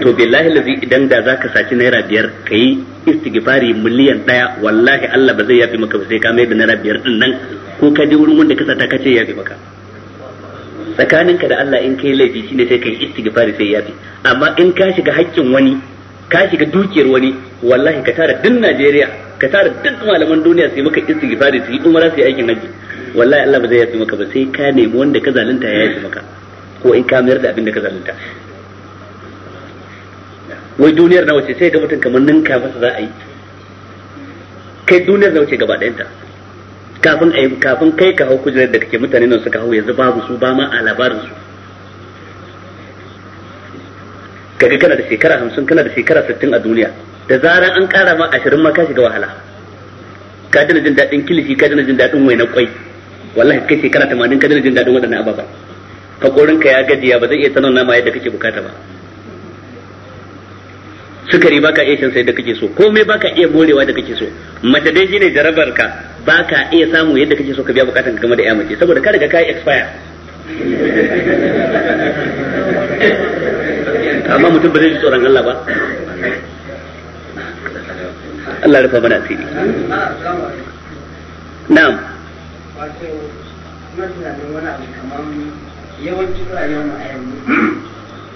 to billahi lazi idan da zaka saci naira biyar ka yi istighfari miliyan daya wallahi Allah ba zai yafi maka ba sai ka mai da naira biyar din nan ko ka je wurin wanda ka sata ka ce yafi maka tsakaninka da Allah in kai laifi shine sai kai istighfari sai yafi amma in ka shiga haƙƙin wani ka shiga dukiyar wani wallahi ka tara duk Najeriya ka tara duk malaman duniya sai maka istighfari sai umara sai aikin haji wallahi Allah ba zai yafi maka ba sai ka nemi wanda ka zalunta ya yafi maka ko in ka mayar da abin da ka zalunta wai duniyar nawa ce sai ga mutum kamar ninka masa za a yi kai duniyar nawa ce gaba ɗayanta kafin a kafin kai ka hau kujerar da kake mutane nan suka hau yanzu babu su ba ma a labarin su kaga kana da shekara hamsin kana da shekara sittin a duniya da zarar an kara ma ashirin ma ka shiga wahala ka dana jin daɗin kilishi ka dana jin daɗin na kwai wallahi kai shekara tamanin ka dana jin daɗin waɗannan ababa hakorinka ya gajiya ba zai iya sanar nama yadda kake bukata ba sukari baka iya shan sai da kake so komai baka iya morewa da kake so mace dai shine jarabar ka baka iya samu yadda kake so ka biya bukatun ka game da iya mace saboda ka riga ka expire amma mutum ba zai ji tsoron Allah ba Allah rufa mana asiri na'am yawancin rayuwar mu a yanzu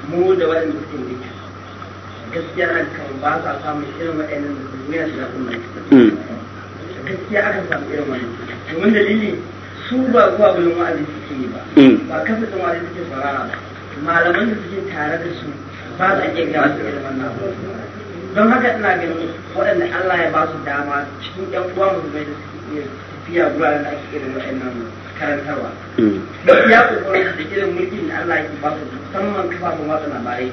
mu da waɗanda suke gaskiya an kan ba sa samun irin waɗannan da kuma kuma gaskiya aka samu irin wannan domin dalili su ba zuwa wurin wa'azi suke yi ba hmm. ba kasa ɗin wa'azi suke saurara ba malaman da suke tare da su ba sa iya gaba su irin wannan don haka ina ganin waɗanda Allah ya ba su dama cikin ƴan uwa musulmai da suke iya tafiya guraren da ake irin waɗannan karantarwa. Hmm. Gaskiya kokarin da irin mulkin da Allah ya ba su musamman kafafen watsa labarai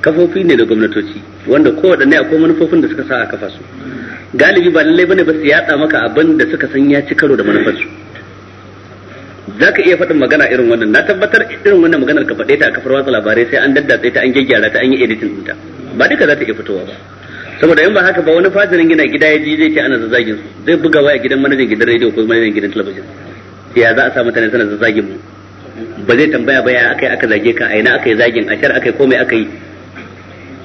kafofi ne da gwamnatoci wanda kowaɗanne akwai manufofin da suka sa a kafa su galibi ba lallai bane ba su yatsa maka abin da suka san ya ci karo da manufarsu za ka iya faɗin magana irin wannan na tabbatar irin wannan maganar ka faɗe ta a kafar watsa labarai sai an daddatse ta an gyaggyara ta an yi editing ɗinta ba duka za ta iya fitowa ba saboda in ba haka ba wani fajirin gina gida ya ji zai ce ana zazzagin su zai buga waya gidan manajan gidan rediyo ko manajan gidan talabijin ya za a sa mutane suna zazzagin mu ba zai tambaya ba ya aka aka zage ka a ina aka yi zagin a shar aka yi komai aka yi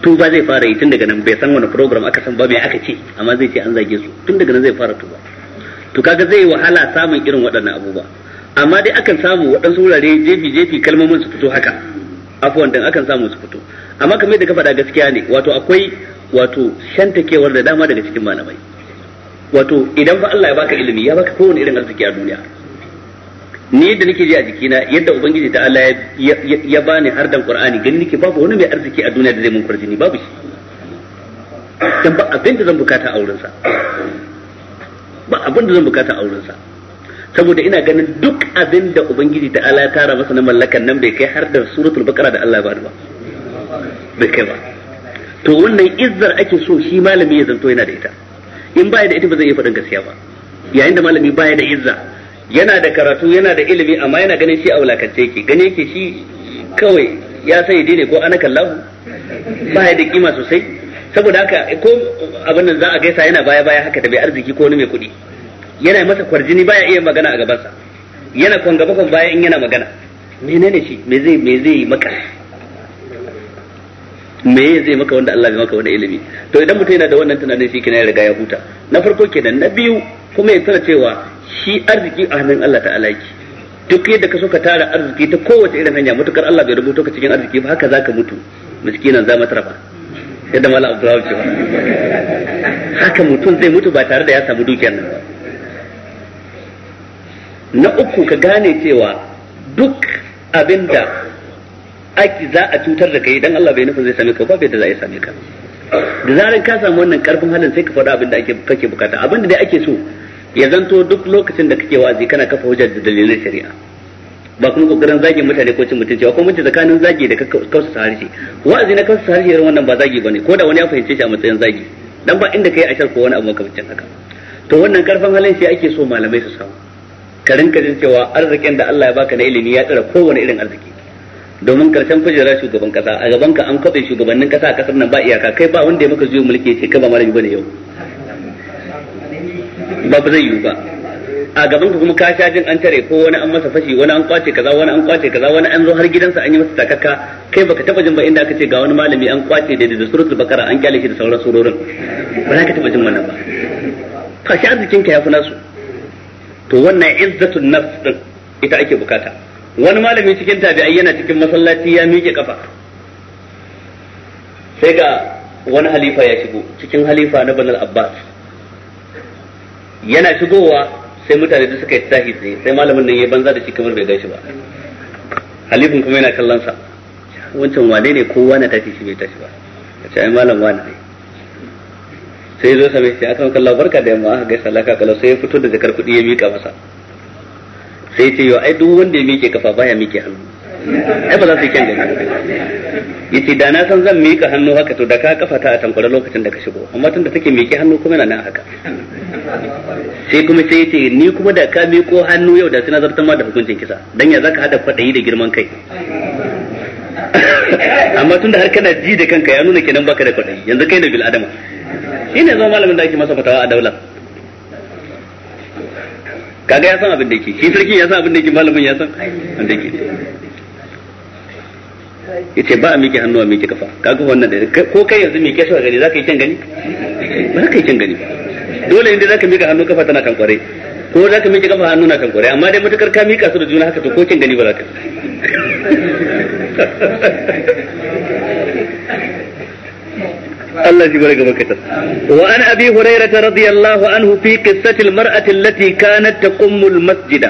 tuba zai fara yi tun daga nan bai san wani program aka san ba mai aka ce amma zai ce an zage su tun daga nan zai fara tuba to kaga zai wahala samun irin waɗannan abubuwa amma dai akan samu waɗansu wurare jefi jefi kalmomin su fito haka afuwan din akan samu su fito amma kamar da ka faɗa gaskiya ne wato akwai wato shantakewar da dama daga cikin malamai wato idan fa Allah ya baka ilimi ya baka kowane irin arziki a duniya ni da nake ji a jikina yadda ubangiji ta Allah ya bani har dan Qur'ani gani nake babu wani mai arziki a duniya da zai mun kwarjini babu shi dan ba abin da zan bukata a sa ba abin da zan bukata a sa saboda ina ganin duk abin da ubangiji ta Allah ya tara masa na mallakan nan bai kai har da suratul baqara da Allah ya bani ba bai kai ba to wannan izzar ake so shi malami ya zanto yana da ita in baya da ita ba zai iya faɗin gaskiya ba yayin da malami baya da izza yana da karatu yana da ilimi amma yana ganin shi a wulakance yake gane yake shi kawai ya san yi ne ko ana kallahu ba ya da kima sosai saboda haka ko abin nan za a gaisa yana baya baya haka da bai arziki ko wani mai kuɗi yana masa kwarjini baya iya magana a gabansa yana kwan gaba kwan baya in yana magana menene shi me zai me zai maka me zai maka wanda Allah bai maka wani ilimi to idan mutum yana da wannan tunanin shi kina ya riga ya huta na farko kenan na biyu kuma ya tana cewa shi arziki a hannun Allah ta'ala yake duk yadda ka so ka tara arziki ta kowace irin hanya mutukar Allah bai rubuto ka cikin arziki ba haka zaka mutu miskinan za matrafa yadda mala abdullahi ce ba haka mutum zai mutu ba tare da ya samu dukiyar nan ba na uku ka gane cewa duk abinda aiki za a cutar da kai dan Allah bai nufin zai same ka ba bai da za a same ka da zaran ka samu wannan karfin halin sai ka faɗa abinda ake kake bukata abinda da dai ake so ya zanto duk lokacin da kake wazi kana kafa hujjar da dalilan shari'a ba kuma kokarin zagi mutane ko cin mutunci ko mun tsakanin zagi da kausa harshe wa'azi na kausa harshe irin wannan ba zagi bane ko da wani ya fahimce shi a matsayin zagi dan ba inda kai ashar ko wani abu makamancin haka to wannan karfin halin shi ake so malamai su samu ka rinka jin cewa arzikin da Allah ya baka na ilimi ya tsara kowane irin arziki domin karshen kujera shugaban kasa a gaban ka an kwabe shugabannin kasa a kasar nan ba iyaka kai ba wanda ya maka zuwa mulki ya ce kai ba malami bane yau ba ba zai yiwu ba a gaban ku kuma ka sha jin an tare ko wani an masa fashi wani an kwace kaza wani an kwace kaza wani an zo har gidansa an yi masa takaka kai baka taba jin ba inda aka ce ga wani malami an kwace da da suratul bakara an kyale shi da sauran surorin ba za ka taba jin wannan ba ka sha arzikin ka yafi nasu to wannan izzatun nafs din ita ake bukata wani malami cikin tabi'ai yana cikin masallaci ya miƙe kafa sai ga wani halifa ya shigo cikin halifa na banal abbas yana shigowa sai mutane da suka yi tahi tsaye sai malamin nan ya banza da shi kamar bai gashi ba halifin kuma yana kallon sa wancan wane ne ko na tashi shi bai tashi ba a ce ai malam wane ne sai zo same shi akan kallon barka da yamma aka gaisa laka kalau sai ya fito da jakar kuɗi ya mika masa sai ce yau ai duk wanda ya mike kafa baya mike hannu ai ba za su yi kyan Ya ce da na san zan miƙa hannu haka to da ka kafa ta a tankwara lokacin da ka shigo amma tun da take miƙe hannu kuma na nan haka sai kuma sai ce ni kuma da ka miƙo hannu yau da sai na ma da hukuncin kisa don ya ka haɗa kwadayi da girman kai amma tun da har kana ji da kanka ya nuna kenan baka da kwaɗayi yanzu kai da bil adama ne zama malamin da ake masa fatawa a daular kaga ya san abin da yake shi sarki ya san abin da yake malamin ya san abin da yake yace ba a miƙe hannu a miƙe kafa kaga wannan da ko kai yanzu miƙe shi gani zaka yi kyan gani ba zaka yi kyan gani dole inda zaka miƙe hannu kafa tana kan kware ko zaka miƙe kafa hannu na kan kware amma dai matukar ka miƙa su da juna haka to ko kyan gani ba zaka الله يبارك بك وعن أبي هريرة رضي الله عنه في قصة المرأة التي كانت تقم المسجد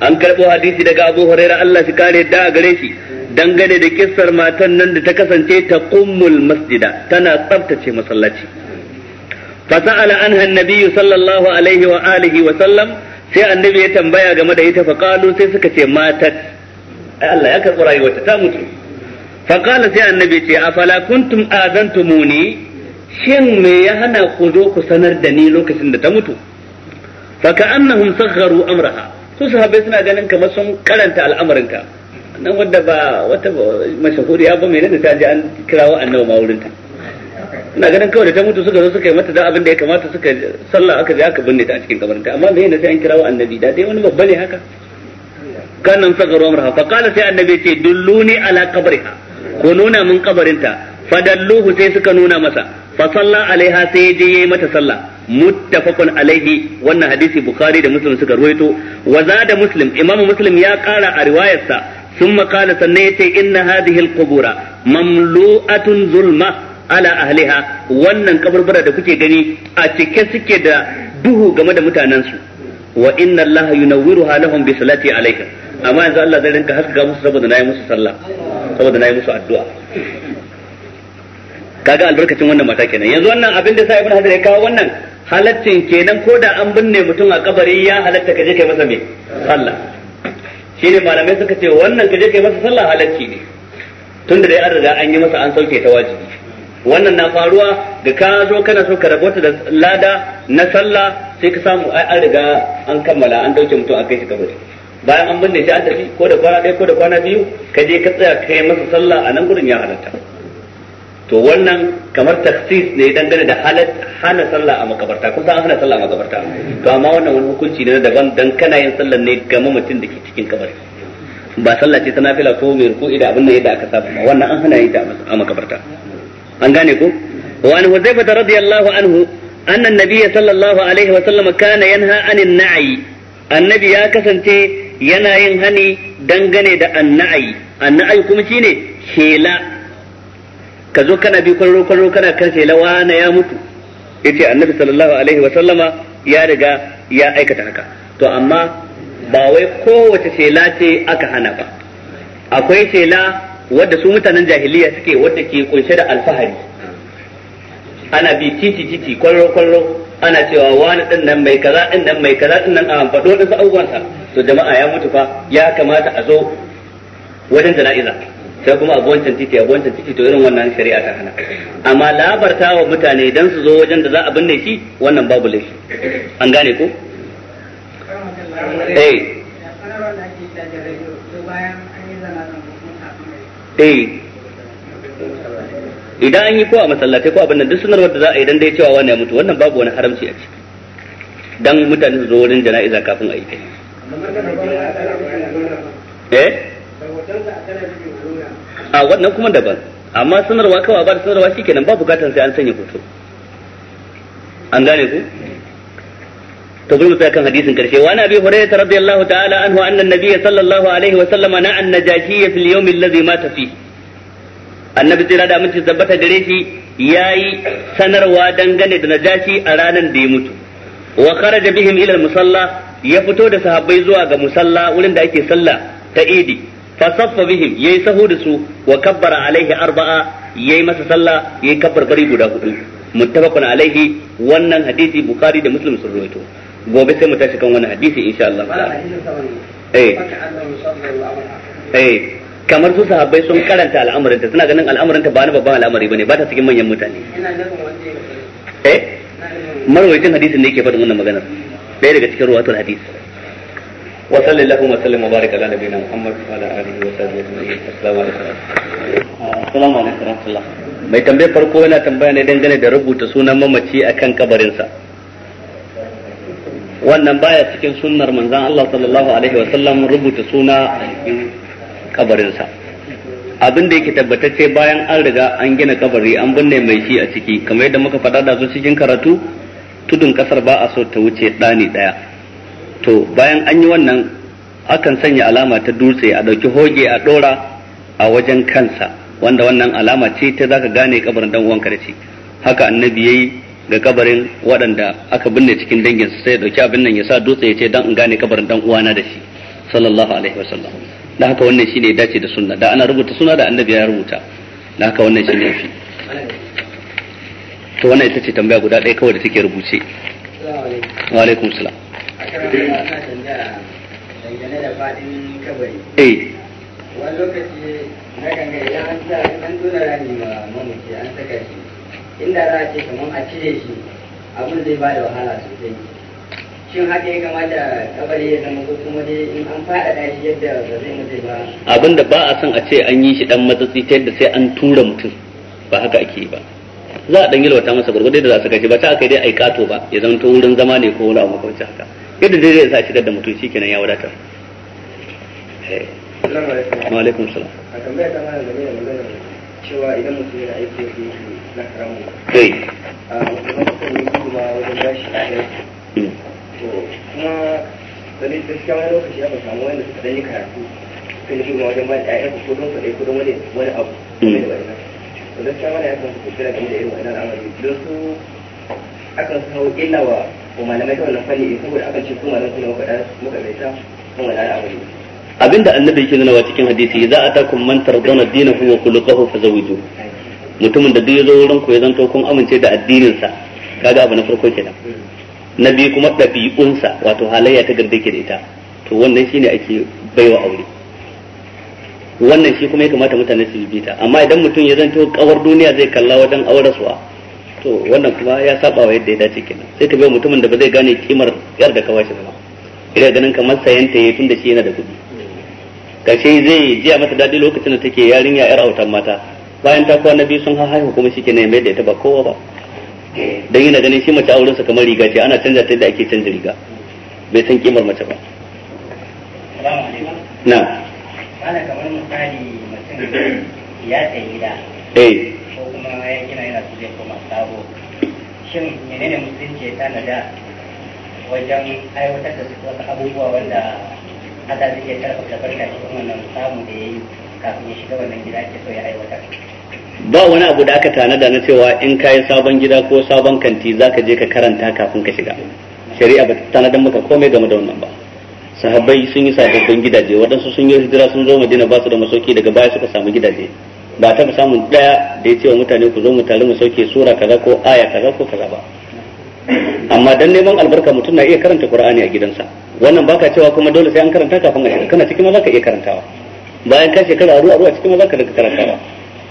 an karɓo hadisi daga Abu Hurairah Allah shi kare da a gare shi dangane da kissar matan nan da ta kasance ta kummul masjida tana tsaftace masallaci fasa'ala anha annabi sallallahu alaihi wa alihi wa sallam sai annabi ya tambaya game da ita faqalu sai suka ce matat ai Allah ya karɓi rayuwarta ta mutu faqala sai annabi ce afala kuntum azantumuni shin me ya hana ku zo ku sanar da ni lokacin da ta mutu fa annahum sagharu amraha su sahabbai suna ganin kamar sun karanta al'amarinka nan wadda ba wata mashahuriya ba mai nan ta ji an kirawo annabi ma wurinta ina ganin kawai da ta mutu suka zo suka yi mata da abin da ya kamata suka sallah aka je aka binne ta a cikin kabarinta amma mai ne ta an kirawo annabi da dai wani babba ne haka kanan sagaru amraha fa qala sai annabi ce dulluni ala qabriha ku nuna mun kabarinta fadalluhu sai suka nuna masa fa salla alaiha sai ya je yayi mata sallah muttafaqun alaihi wannan hadisi bukhari da muslim suka ruwaito wa zada muslim imamu muslim ya kara a riwayarsa ثم قال سنيت inna هذه القبور mamlu'atun zulma ala ahliha wannan kabarbara da kuke gani a cike suke da duhu game da mutanensu wa inna allaha yunawwiruha lahum bi salati alayka amma yanzu Allah zai rinka haskaka musu saboda nayi musu sallah saboda nayi musu addu'a kaga albarkacin wannan mata kenan yanzu wannan abin da sai ibn hajar ya kawo wannan halaccin kenan ko da an binne mutum a kabari ya halatta kaje kai masa me sallah ne malamai suka ce wannan kaje kai masa sallah halacci ne tunda dai an riga an yi masa an sauke ta wajibi wannan na faruwa da ka zo kana so ka rabota da lada na sallah sai ka samu ai an riga an kammala an dauke mutum a kai shi kabari bayan an binne shi an tafi ko da kwana ɗaya ko da kwana biyu ka je ka tsaya kai masa sallah a nan gurin ya halatta to wannan kamar taksis ne dangane da hana sallah a makabarta kun san hana sallah a makabarta to amma wannan wani hukunci ne daban dan kana yin sallah ne ga mamacin da ke cikin kabari ba sallah ce ta nafila ko mai ruku idan abin da yadda aka saba wannan an hana yin ta a makabarta an gane ko wa an huzaifata radiyallahu anhu anna an-nabiy sallallahu alaihi wa sallam kana yanha anin na'i annabi ya kasance yana yin hani dangane da anna'ai anna'ai kuma shine shela ka zo kana bi kwararo kwararo kana kan shela wana ya mutu yace annabi sallallahu alaihi wa sallama ya riga ya aikata haka to amma ba wai kowace shela ce aka hana ba akwai shela wadda su mutanen jahiliya suke wadda ke kunshe da alfahari ana bi titi titi kwararo kwararo ana cewa wani din nan mai kaza din nan mai kaza din nan a faɗo da abubuwan sa to jama'a ya mutu fa ya kamata a zo wajen jana'iza sai kuma abu wancan titi abu wancan titi to irin wannan shari'a ta hana amma labarta wa mutane dan su zo wajen da za a binne shi wannan babu laifi an gane ko eh eh idan an yi ko a masallatai ko abin nan duk sanarwar da za a yi dan dai cewa wani ya mutu wannan babu wani haramci a ciki dan mutane su zo wurin jana'iza kafin a yi kai eh a wannan kuma daban amma sanarwa kawai ba da sanarwa shikenan ba bukatar sai an sanya hoto an gane ku to bulu sai kan hadisin karshe wa nabi hurairah radiyallahu ta'ala anhu anna an-nabiy sallallahu alaihi wa sallama na'an an fil yawm alladhi mata fihi annabi tsira da aminci tabbata gare shi yi sanarwa dangane da najashi a ranar da ya mutu wa kharaja bihim ila musalla ya fito da sahabbai zuwa ga musalla wurin da ake sallah ta idi fa saffa bihim yayi sahu da su wa kabbara alaihi arba'a yayi masa sallah yayi bari guda hudu muttafaqun alaihi wannan hadisi bukhari da muslim sun rawaito gobe sai mu tashi kan wannan hadisi insha Allah kamar su sahabbai sun karanta al'amurinta suna ganin al'amurinta ba na babban al'amari bane ba ta cikin manyan mutane eh marwayin hadisin ne yake faɗin wannan magana ɗaya daga cikin ruwatul hadis wa sallallahu wa sallam wa baraka ala nabiyina muhammad wa ala alihi wa sahbihi ajma'in assalamu alaikum assalamu alaikum rahmatullah mai tambayar farko yana tambaya ne dangane da rubuta sunan mamaci akan kabarinsa wannan baya cikin sunnar manzon Allah sallallahu alaihi wa sallam rubuta suna kabarinsa abin da yake tabbatacce bayan an riga an gina kabari an binne mai shi a ciki kamar yadda muka faɗa da su cikin karatu tudun kasar ba a so ta wuce ɗani ɗaya to bayan an yi wannan akan sanya alama ta dutse a ɗauki hoge a ɗora a wajen kansa wanda wannan alama ce ta zaka gane kabarin dan uwanka da shi haka annabi yayi ga kabarin waɗanda aka binne cikin dangin sai ya ɗauki abin nan ya sa dutse ya ce dan in gane kabarin dan uwana da shi sallallahu alaihi wasallam da haka wannan shine dace da sunna da ana rubuta suna da annabi ya rubuta da haka wannan shine fi to wannan ita ce tambaya guda ɗaya kawai da take rubuce wa alaikum salam eh wani lokaci na ganga idan an sa an tona rani ma mamaci an saka shi inda za a ce kamar a cire shi abin zai ba da wahala sosai shin haka ya kamata kabari ya zama kuma dai in an faɗaɗa shi yadda ba zai mutu ba abinda ba a son a ce an yi shi dan matsatsi ta yadda sai an tura mutum ba haka ake yi ba za a dan yalwata masa gurgurdai da za su kashe ba ta aka dai ai kato ba ya zanto wurin zama ne ko wani abu makamancin haka yadda dai zai sa shigar da mutum shikenan ya wadatar wa alaikum salam a tambaya ta mana game da magana cewa idan mutum yana aiki da na karamu kai eh. a wajen kuma wajen bashi kuma da ne gaskiya wani lokaci ya samu wanda suka dan yi karatu sun shi wajen bayan ɗaya ko don su ɗaya ko don wani wani abu mm. game da wannan to ya san su kuskura game da irin wannan al'amari don su akan kawo illa wa malamai ta wannan fanni saboda akan ce kuma nan kuma muka muka mai ta kan wannan al'amari abinda annabi yake nuna cikin hadisi za a takum man tardona dinahu wa khuluquhu fazawiju mutumin da duk ya zo wurin ku ya zanto kun amince da addinin sa kaga abu na farko kenan mm. na biyu kuma ɗabi'unsa wato halayya ta garda ke da ita to wannan shi ne ake baiwa aure wannan shi kuma ya kamata mutane su bi ta amma idan mutum ya zanto kawar duniya zai kalla wajen aure suwa to wannan kuma ya saba wa yadda ya dace kenan sai ka biya mutumin da ba zai gane kimar yar da kawai shi ba idan ganin kamar sayan ta ya tunda shi yana da kuɗi kashe zai a mata daɗi lokacin da take yarinya yar autan mata bayan ta kwana biyu sun haihu kuma shi kenan ya mai da ita ba kowa ba dan yana ganin shi mace aurensa kamar riga ce ana canza ta yadda ake canza riga bai san kimar mace ba na ana kamar misali mutum ya sayi gida eh ko kuma ya gina yana su zai koma sabo shin menene musulunci ya da wajen aiwatar da su wasu abubuwa wanda Allah zai iya karfafa barka cikin wannan samu da ya yi kafin ya shiga wannan gida ke so ya aiwatar ba wani abu da aka tanada na cewa in ka yi sabon gida ko sabon kanti za ka je ka karanta kafin ka shiga shari'a ba ta tanadan maka komai game da wannan ba sahabbai sun yi sababbin gidaje waɗansu sun yi hijira sun zo madina ba su da masauki daga baya suka samu gidaje ba taɓa samun ɗaya da ya ce wa mutane ku zo mu tare mu sauke sura kaza ko aya kaza ko kaza ba amma dan neman albarka mutum na iya karanta qur'ani a gidansa wannan baka cewa kuma dole sai an karanta kafin ka shiga kana cikin ma zaka iya karantawa bayan ka shekara aru aru a cikin ma zaka daga karantawa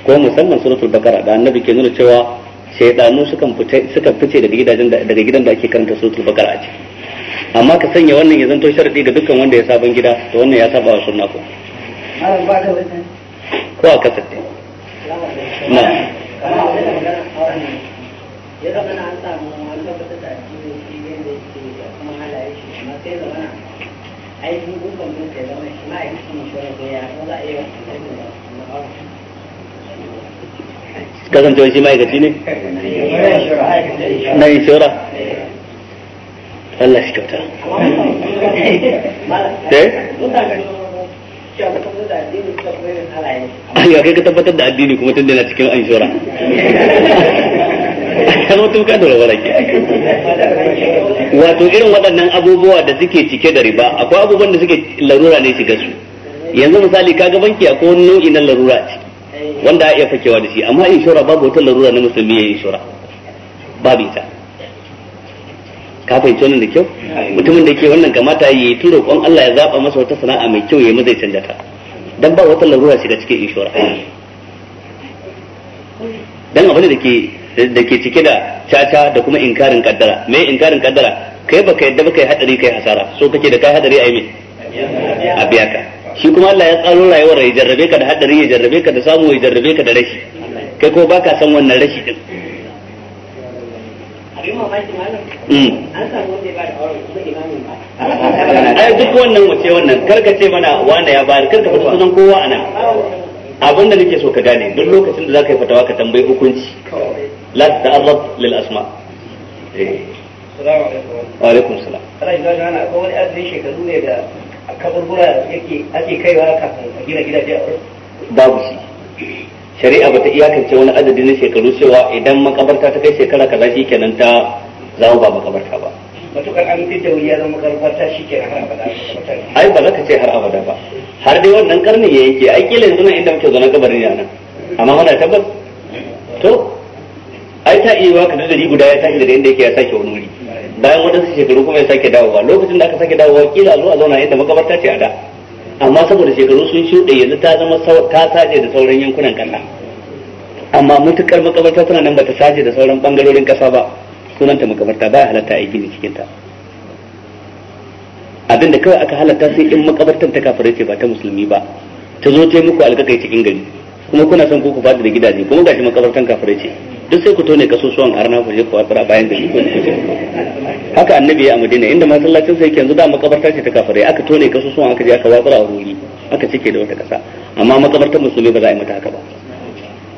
ko musamman suratul bakara da annabi ke nuna cewa shaidanu sukan fice suka fice daga gidajen daga gidan da ake karanta suratul bakara a ciki amma ka sanya wannan ya zanto sharadi ga dukkan wanda ya sabon gida to wannan ya saba wa sunna ko ko a kasar na na na kasancewa shi ma'aikaci ne na inshora Allah shi kyauta eh? Eh? ya kai ka tabbatar da addini kuma tun da na cikin inshora kano tun kan dole ke. wato irin waɗannan abubuwa da suke cike da riba akwai abubuwan da suke larura ne shiga su yanzu misali kaga banki akwai wani nau'i na larura ce wanda a iya fakewa da shi amma inshora babu wata larura na musulmi ya yi inshora babu ita ka fahimci wannan da kyau mutumin da ke wannan kamata ya yi tun roƙon Allah ya zaba masa wata sana'a mai kyau ya yi zai canjata, don dan ba wata larura shi da cikin inshora dan abin da ke da ke cike da caca da kuma inkarin kaddara me inkarin kaddara kai baka yadda baka yi hadari kai hasara so kake da kai hadari yi me a biya ka shi kuma Allah ya tsaro rayuwar ya jarrabe ka da hadari ya jarrabe ka da samu ya jarrabe ka da rashi kai ko baka san wannan rashi din mm. ai duk wannan wace wannan karka ce mana wanda ya bayar karka fata sunan kowa ana abin da nake so ka gane duk lokacin da zaka yi fatawa ka tambayi hukunci la ta'arrab lil asma eh. alaikum salam kana idan ana akwai wani azumi shekaru ne da a kaburbura yake ake kaiwa kafin a gina gidaje a wurin babu shi shari'a bata iyakance wani adadi na shekaru cewa idan makabarta ta kai shekara kaza kenan ta zama ba makabarta ba matukar an fi dauri ya zama makabarta shikenan har abada ai ba za ka ce har abada ba har dai wannan karni ya yanke ai kila yanzu nan inda muke zaune kabarin yana amma muna tabbas to ai ta iya yiwa ka dari guda ya tashi daga inda yake ya sake wani wuri bayan wadansu shekaru kuma ya sake dawowa lokacin da aka sake dawowa kila zo a zauna yadda makabarta ce a da amma saboda shekaru sun shuɗe yanzu ta zama ta saje da sauran yankunan kanna amma mutukar makabarta tana nan bata saje da sauran bangarorin ƙasa ba sunanta makabarta ba halatta a gini cikin ta abin da kawai aka halatta sai in makabartar ta kafare ce ba ta musulmi ba ta zo ta yi muku alƙaƙai cikin gari kuma kuna son ku ku fada da gidaje kuma gashi makabartar kafare ce duk sai ku tone kasusuwan arna ku je ku watsara bayan gari ko haka annabi ya a madina inda masallacin sai yanzu da makabarta ce ta kafirai aka tone kasusuwan aka je aka watsara a ruri aka cike da wata kasa amma makabartar musulmi ba za a yi mata haka ba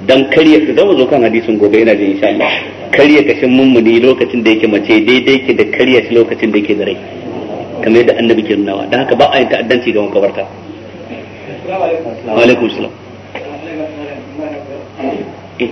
dan kariya da zo kan hadisin gobe ina jin insha Allah kariya kashin mummuni lokacin da yake mace daidai ke da kariya shi lokacin da yake da rai kamar yadda annabi ke nunawa dan haka ba a yin ta'addanci ga makabarta wa alaikum salam eh.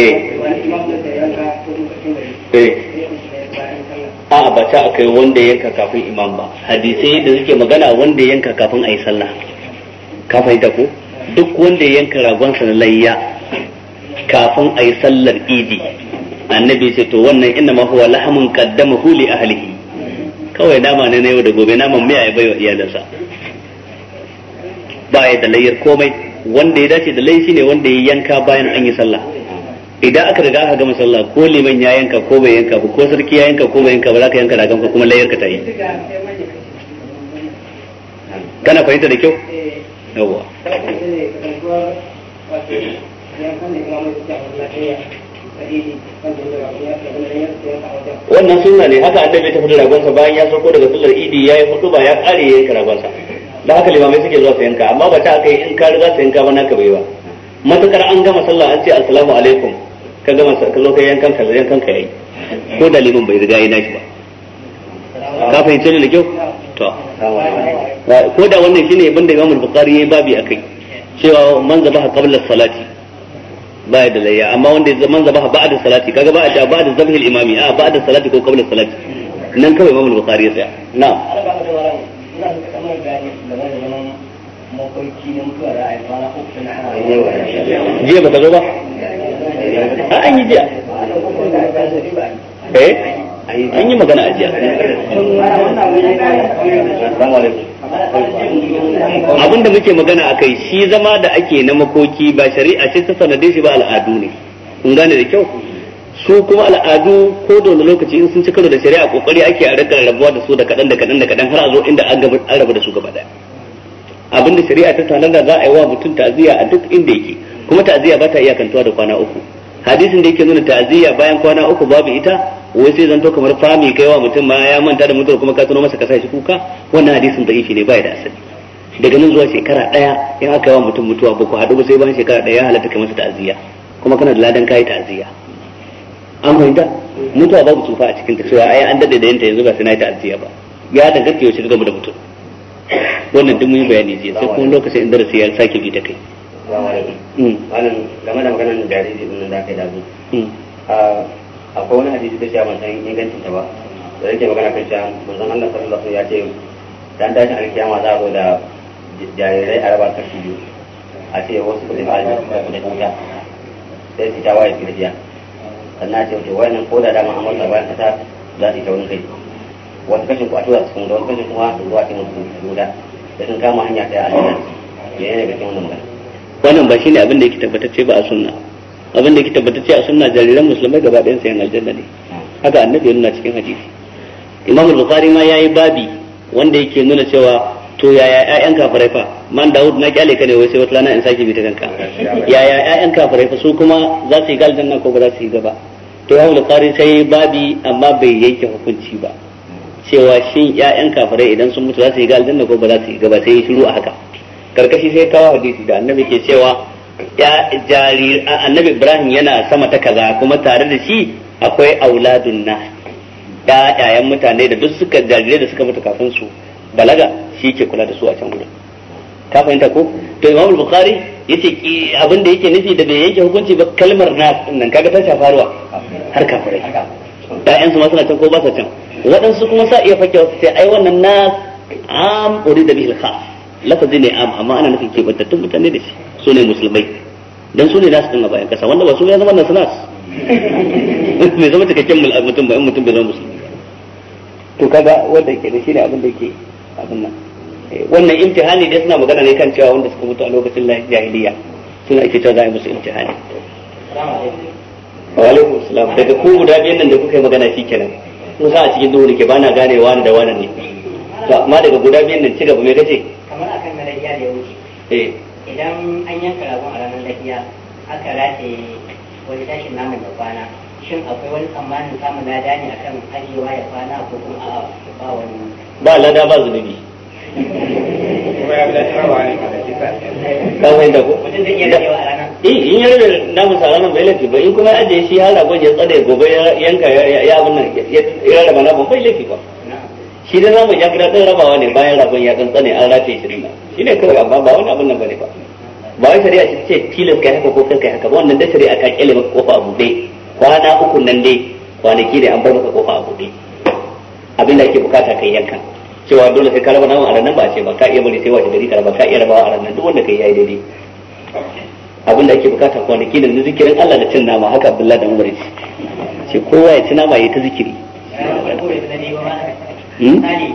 Eh. Eh. a ba ta akai wanda yanka kafin imam ba hadisai da suke magana wanda yanka kafin ayi sallah ka fahimta ko duk wanda yanka ragon sa na layya kafin ayi sallar idi annabi ce to wannan inna ma huwa lahamun huli li ahlihi kawai nama ne na yau da gobe naman miya ya baiwa iyalinsa. ba ya da layyar komai wanda ya dace da laifi shine wanda ya yanka bayan an yi sallah idan aka riga aka gama sallah ko liman ya yanka ko bai yanka ba ko sarki ya yanka ko bai yanka ba za ka yanka da kanka kuma layarka ta yi kana fahimta da kyau yawwa wannan sunna ne haka annabi ta fito ragonsa bayan ya sauko daga sallar idi ya yi hudu ba ya kare ya yanka ragonsa da haka limamai suke zuwa su yanka amma ba ta aka yi in ka riga su yanka ba naka bai ba matukar an gama sallah an ce assalamu alaikum ka gama ka zo kai yankan ka yankan ka yayi ko da liman bai riga yana shi ba ka fahimce ni da kyau to ko da wannan shine ibn da Imam Bukhari yayi babi akai cewa man zabaha qabla salati ba da layya amma wanda ya man zabaha ba'da salati kaga ba a ta ba'da zabhi al-imami a ba'da salati ko qabla salati nan kawai Imam Bukhari ya tsaya na'am jiya ba ta zo ba an yi eh? yi magana a jiya abin da muke magana a kai shi zama da ake na makoki ba shari'a ce ta sanadin shi ba al'adu ne kun gane da kyau su kuma al'adu ko da wani lokaci in sun ci karo da shari'a kokari ake a rikar rabuwa da su da kadan da kadan da kadan har a zo inda an rabu da su gaba daya abin da shari'a ta tanada za a yi wa mutum ta'aziyya a duk inda yake kuma ta'aziyya ba ta iyakantuwa da kwana uku hadisin da yake nuna ta'ziya bayan kwana uku babu ita wai sai zanto kamar fami kai wa mutum ma ya manta da mutuwar kuma ka tuno masa sa shi kuka wannan hadisin yake ne bai da asali daga nan zuwa shekara daya in aka yi wa mutum mutuwa ba ku haɗu ba sai bayan shekara daya ya halatta kai masa ta'ziya kuma kana da ladan kai ta'ziya an fahimta mutuwa babu tsufa a cikin ta cewa ai an dade da yanta yanzu ba sai na yi ta'ziya ba ya danganta yaushe shi gamu da mutum wannan duk mun yi bayani jiya sai kuma lokacin in darasi ya sake bi da kai Assalamu alaikum. Malam game da maganar jariri din da kai dazu. Mm. Akwai wani hadisi da cewa ban ingancin ta ba. Da yake magana kan cewa manzon Allah sallallahu alaihi wasallam ya ce dan tashin alkiyama za a zo da jarirai a raba kashi biyu. A ce wasu kudin aljanna da kuta. Sai su ta waye firdiya. Sannan a ce wace wayannan ko da dama amma bayan kasa za su yi taurin kai. Wasu kashin ku a tura su kuma da wasu kashin kuma su zuwa cikin su guda. da sun kama hanya ta a cikin Yayin da cikin wannan magana. wannan ba shine abin da yake tabbatacce ba a sunna abin da yake tabbatacce a sunna jariran musulmai gaba ɗayan sayan aljanna ne haka annabi ya nuna cikin hadisi imam al bukhari ma yayi babi wanda yake nuna cewa to yaya ƴaƴan kafirai fa man daud na kyale ka ne wai sai wata rana in saki bi ta kanka yaya ƴaƴan kafirai fa su kuma za su yi aljanna ko ba za su yi gaba to imam al bukhari sai babi amma bai yanke hukunci ba cewa shin ƴaƴan kafirai idan sun mutu za su yi aljanna ko ba za su yi gaba sai shiru a haka karkashi sai kawo hadisi da annabi ke cewa ya jari annabi ibrahim yana sama ta kaza kuma tare da shi akwai auladun na ƴaƴayen mutane da duk suka jarirai da suka mutu kafin su balaga shi ke kula da su a can gudu ka fahimta ko to imam bukhari yace ki abin da yake nufi da bai yanke hukunci ba kalmar na nan kaga ta shafa ruwa har kafirai su ma suna can ko ba su can waɗansu kuma sa iya fakewa su ce ai wannan na am urida bihil khas lafazi ne am amma ana nufin kebantattun mutane da shi su ne musulmai dan su ne nasu din a bayan kasa wanda ba su ya zama nasu nasu bai zama cikakken mutum ba in mutum bai zama musulmi to kaga wanda ke da shi ne abin da ke abin nan eh, wannan imtihani dai suna magana ne kan cewa wanda suka mutu a lokacin jahiliya suna ake cewa za a yi musu imtihani wa alaikum salam daga ko guda biyan nan da kuka yi magana shi kenan kuma sa a cikin duhu da ke bana gane wani da wani ne to amma daga guda biyun nan ci gaba me kace kamar akan na lahiya da ya wuce eh idan an yanka ragon a ranar lafiya aka rataye wani tashin naman da kwana shin akwai wani tsammanin samun lada ne akan ajiyewa ya kwana ko kuma a ba wani ba lada ba zunubi kawai da ko eh, in ya rabe namun salaman bai laifi ba in kuma ajiye shi har ragon ya tsada gobe ya yanka ya abin nan ya raba namun bai laifi ba shi da zamu ya kira din rabawa ne bayan rabon ya tsantsane an rafe shi rina shi ne kawai amma ba wani abun nan bane ba ba wai shari'a ce ce tilas kai haka ko kai haka ba wannan da shari'a ta kyale maka kofa a buɗe kwana uku nan dai kwanaki da an bar maka kofa a buɗe abin da ake bukata kai yanka cewa dole sai ka raba naman a ranar ba ce ba ka iya bari sai wace gari ka raba ka iya rabawa a nan duk wanda kai yayi daidai abin da ake bukata kwanaki na zikirin Allah da cin nama haka Abdullahi da Umar ce kowa ya ci nama yayi ta zikiri Hmm? misali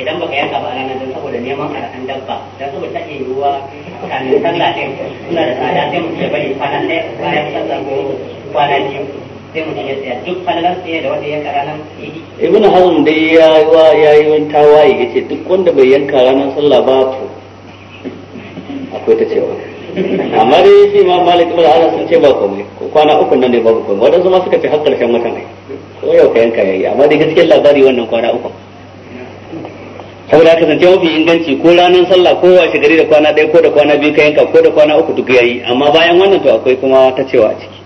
idan baka yanka ba ranar don saboda neman arakan dabba don saboda take ruwa kamin sallah din suna da tsada sai mutum ya bari kwanan ɗaya bayan sallar goma kwanan biyu sai mutum ya tsaya duk falalar tsaye da wanda yanka ranar idi. ibn hazm dai ya ya yi wani tawaye ya ce duk wanda bai yanka ranar sallah ba to akwai ta cewa amma dai shi ma malik ibn hazm sun ce ba komai kwana uku nan ne babu komai wadansu ma suka ce har karshen watan ne ko yau ka yanka yayi amma dai gaskiyar labari wannan kwana uku saboda haka zance mafi inganci ko ranar sallah ko wa gari da kwana ɗaya ko da kwana biyu ka yanka ko da kwana uku duk yayi amma bayan wannan to akwai kuma ta cewa a ciki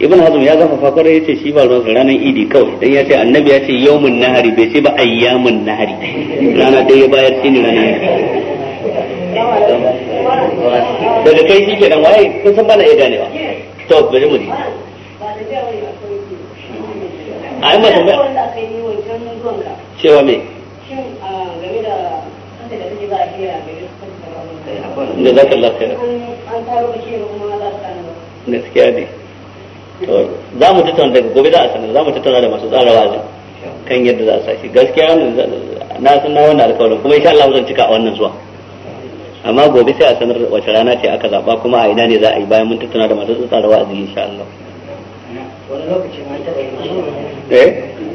ibn hazm ya fa kwarai yace shi ba ruwan ranar idi kawai dan ya ce annabi ya ce yawmun nahari bai ce ba ayyamun nahari rana ɗaya ya bayar shi ne ranar daga kai shi dan waye kun san bana iya ganewa to bari mu ji a yi masa cewa me da za ka lafiya gaskiya ne za mu tattauna daga gobe za a sanar za mu tattauna da masu tsara wa'azin kan yadda za a shi gaskiya na san na wannan alƙawarin kuma insha Allah zan cika a wannan zuwa amma gobe sai a sanar wace rana ce aka zaba kuma a ina ne za a yi bayan mun tattauna da masu tsara wa'azi insha Allah wani lokacin an taɓa yin eh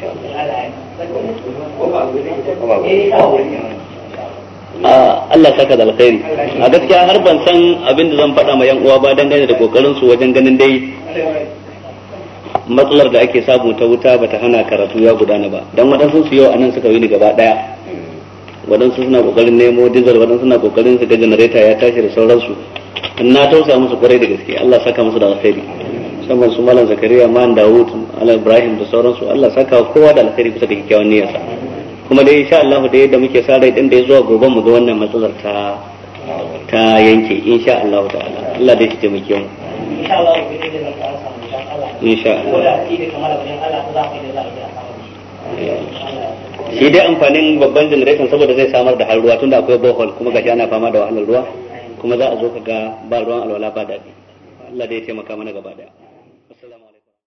Allah saka da alkhairi a gaskiya har ban san abin da zan faɗa ma yan uwa ba dangane da kokarin su wajen ganin dai matsalar da ake samu ta wuta bata hana karatu ya gudana ba dan waɗansu su yau anan suka yi ni gaba ɗaya waɗansu suna kokarin nemo dizal waɗansu suna kokarin su ga janareta ya tashi da sauransu na tausa musu kwarai da gaske Allah saka musu da alkhairi musamman su malam zakariya man dawud ala ibrahim da sauransu Allah saka kowa da alkhairi bisa da kyakkyawan sa kuma dai insha Allah da yadda muke sa rai din da ya zuwa gobe mu ga wannan matsalar ta ta yanke insha Allah ta'ala Allah da shi ta mu insha Allah insha Allah shi dai amfanin babban generation saboda zai samar da har tunda akwai bohol kuma gashi ana fama da wahalar ruwa kuma za a zo ka ga ba ruwan alwala ba daɗi Allah da ya taimaka mana gaba daya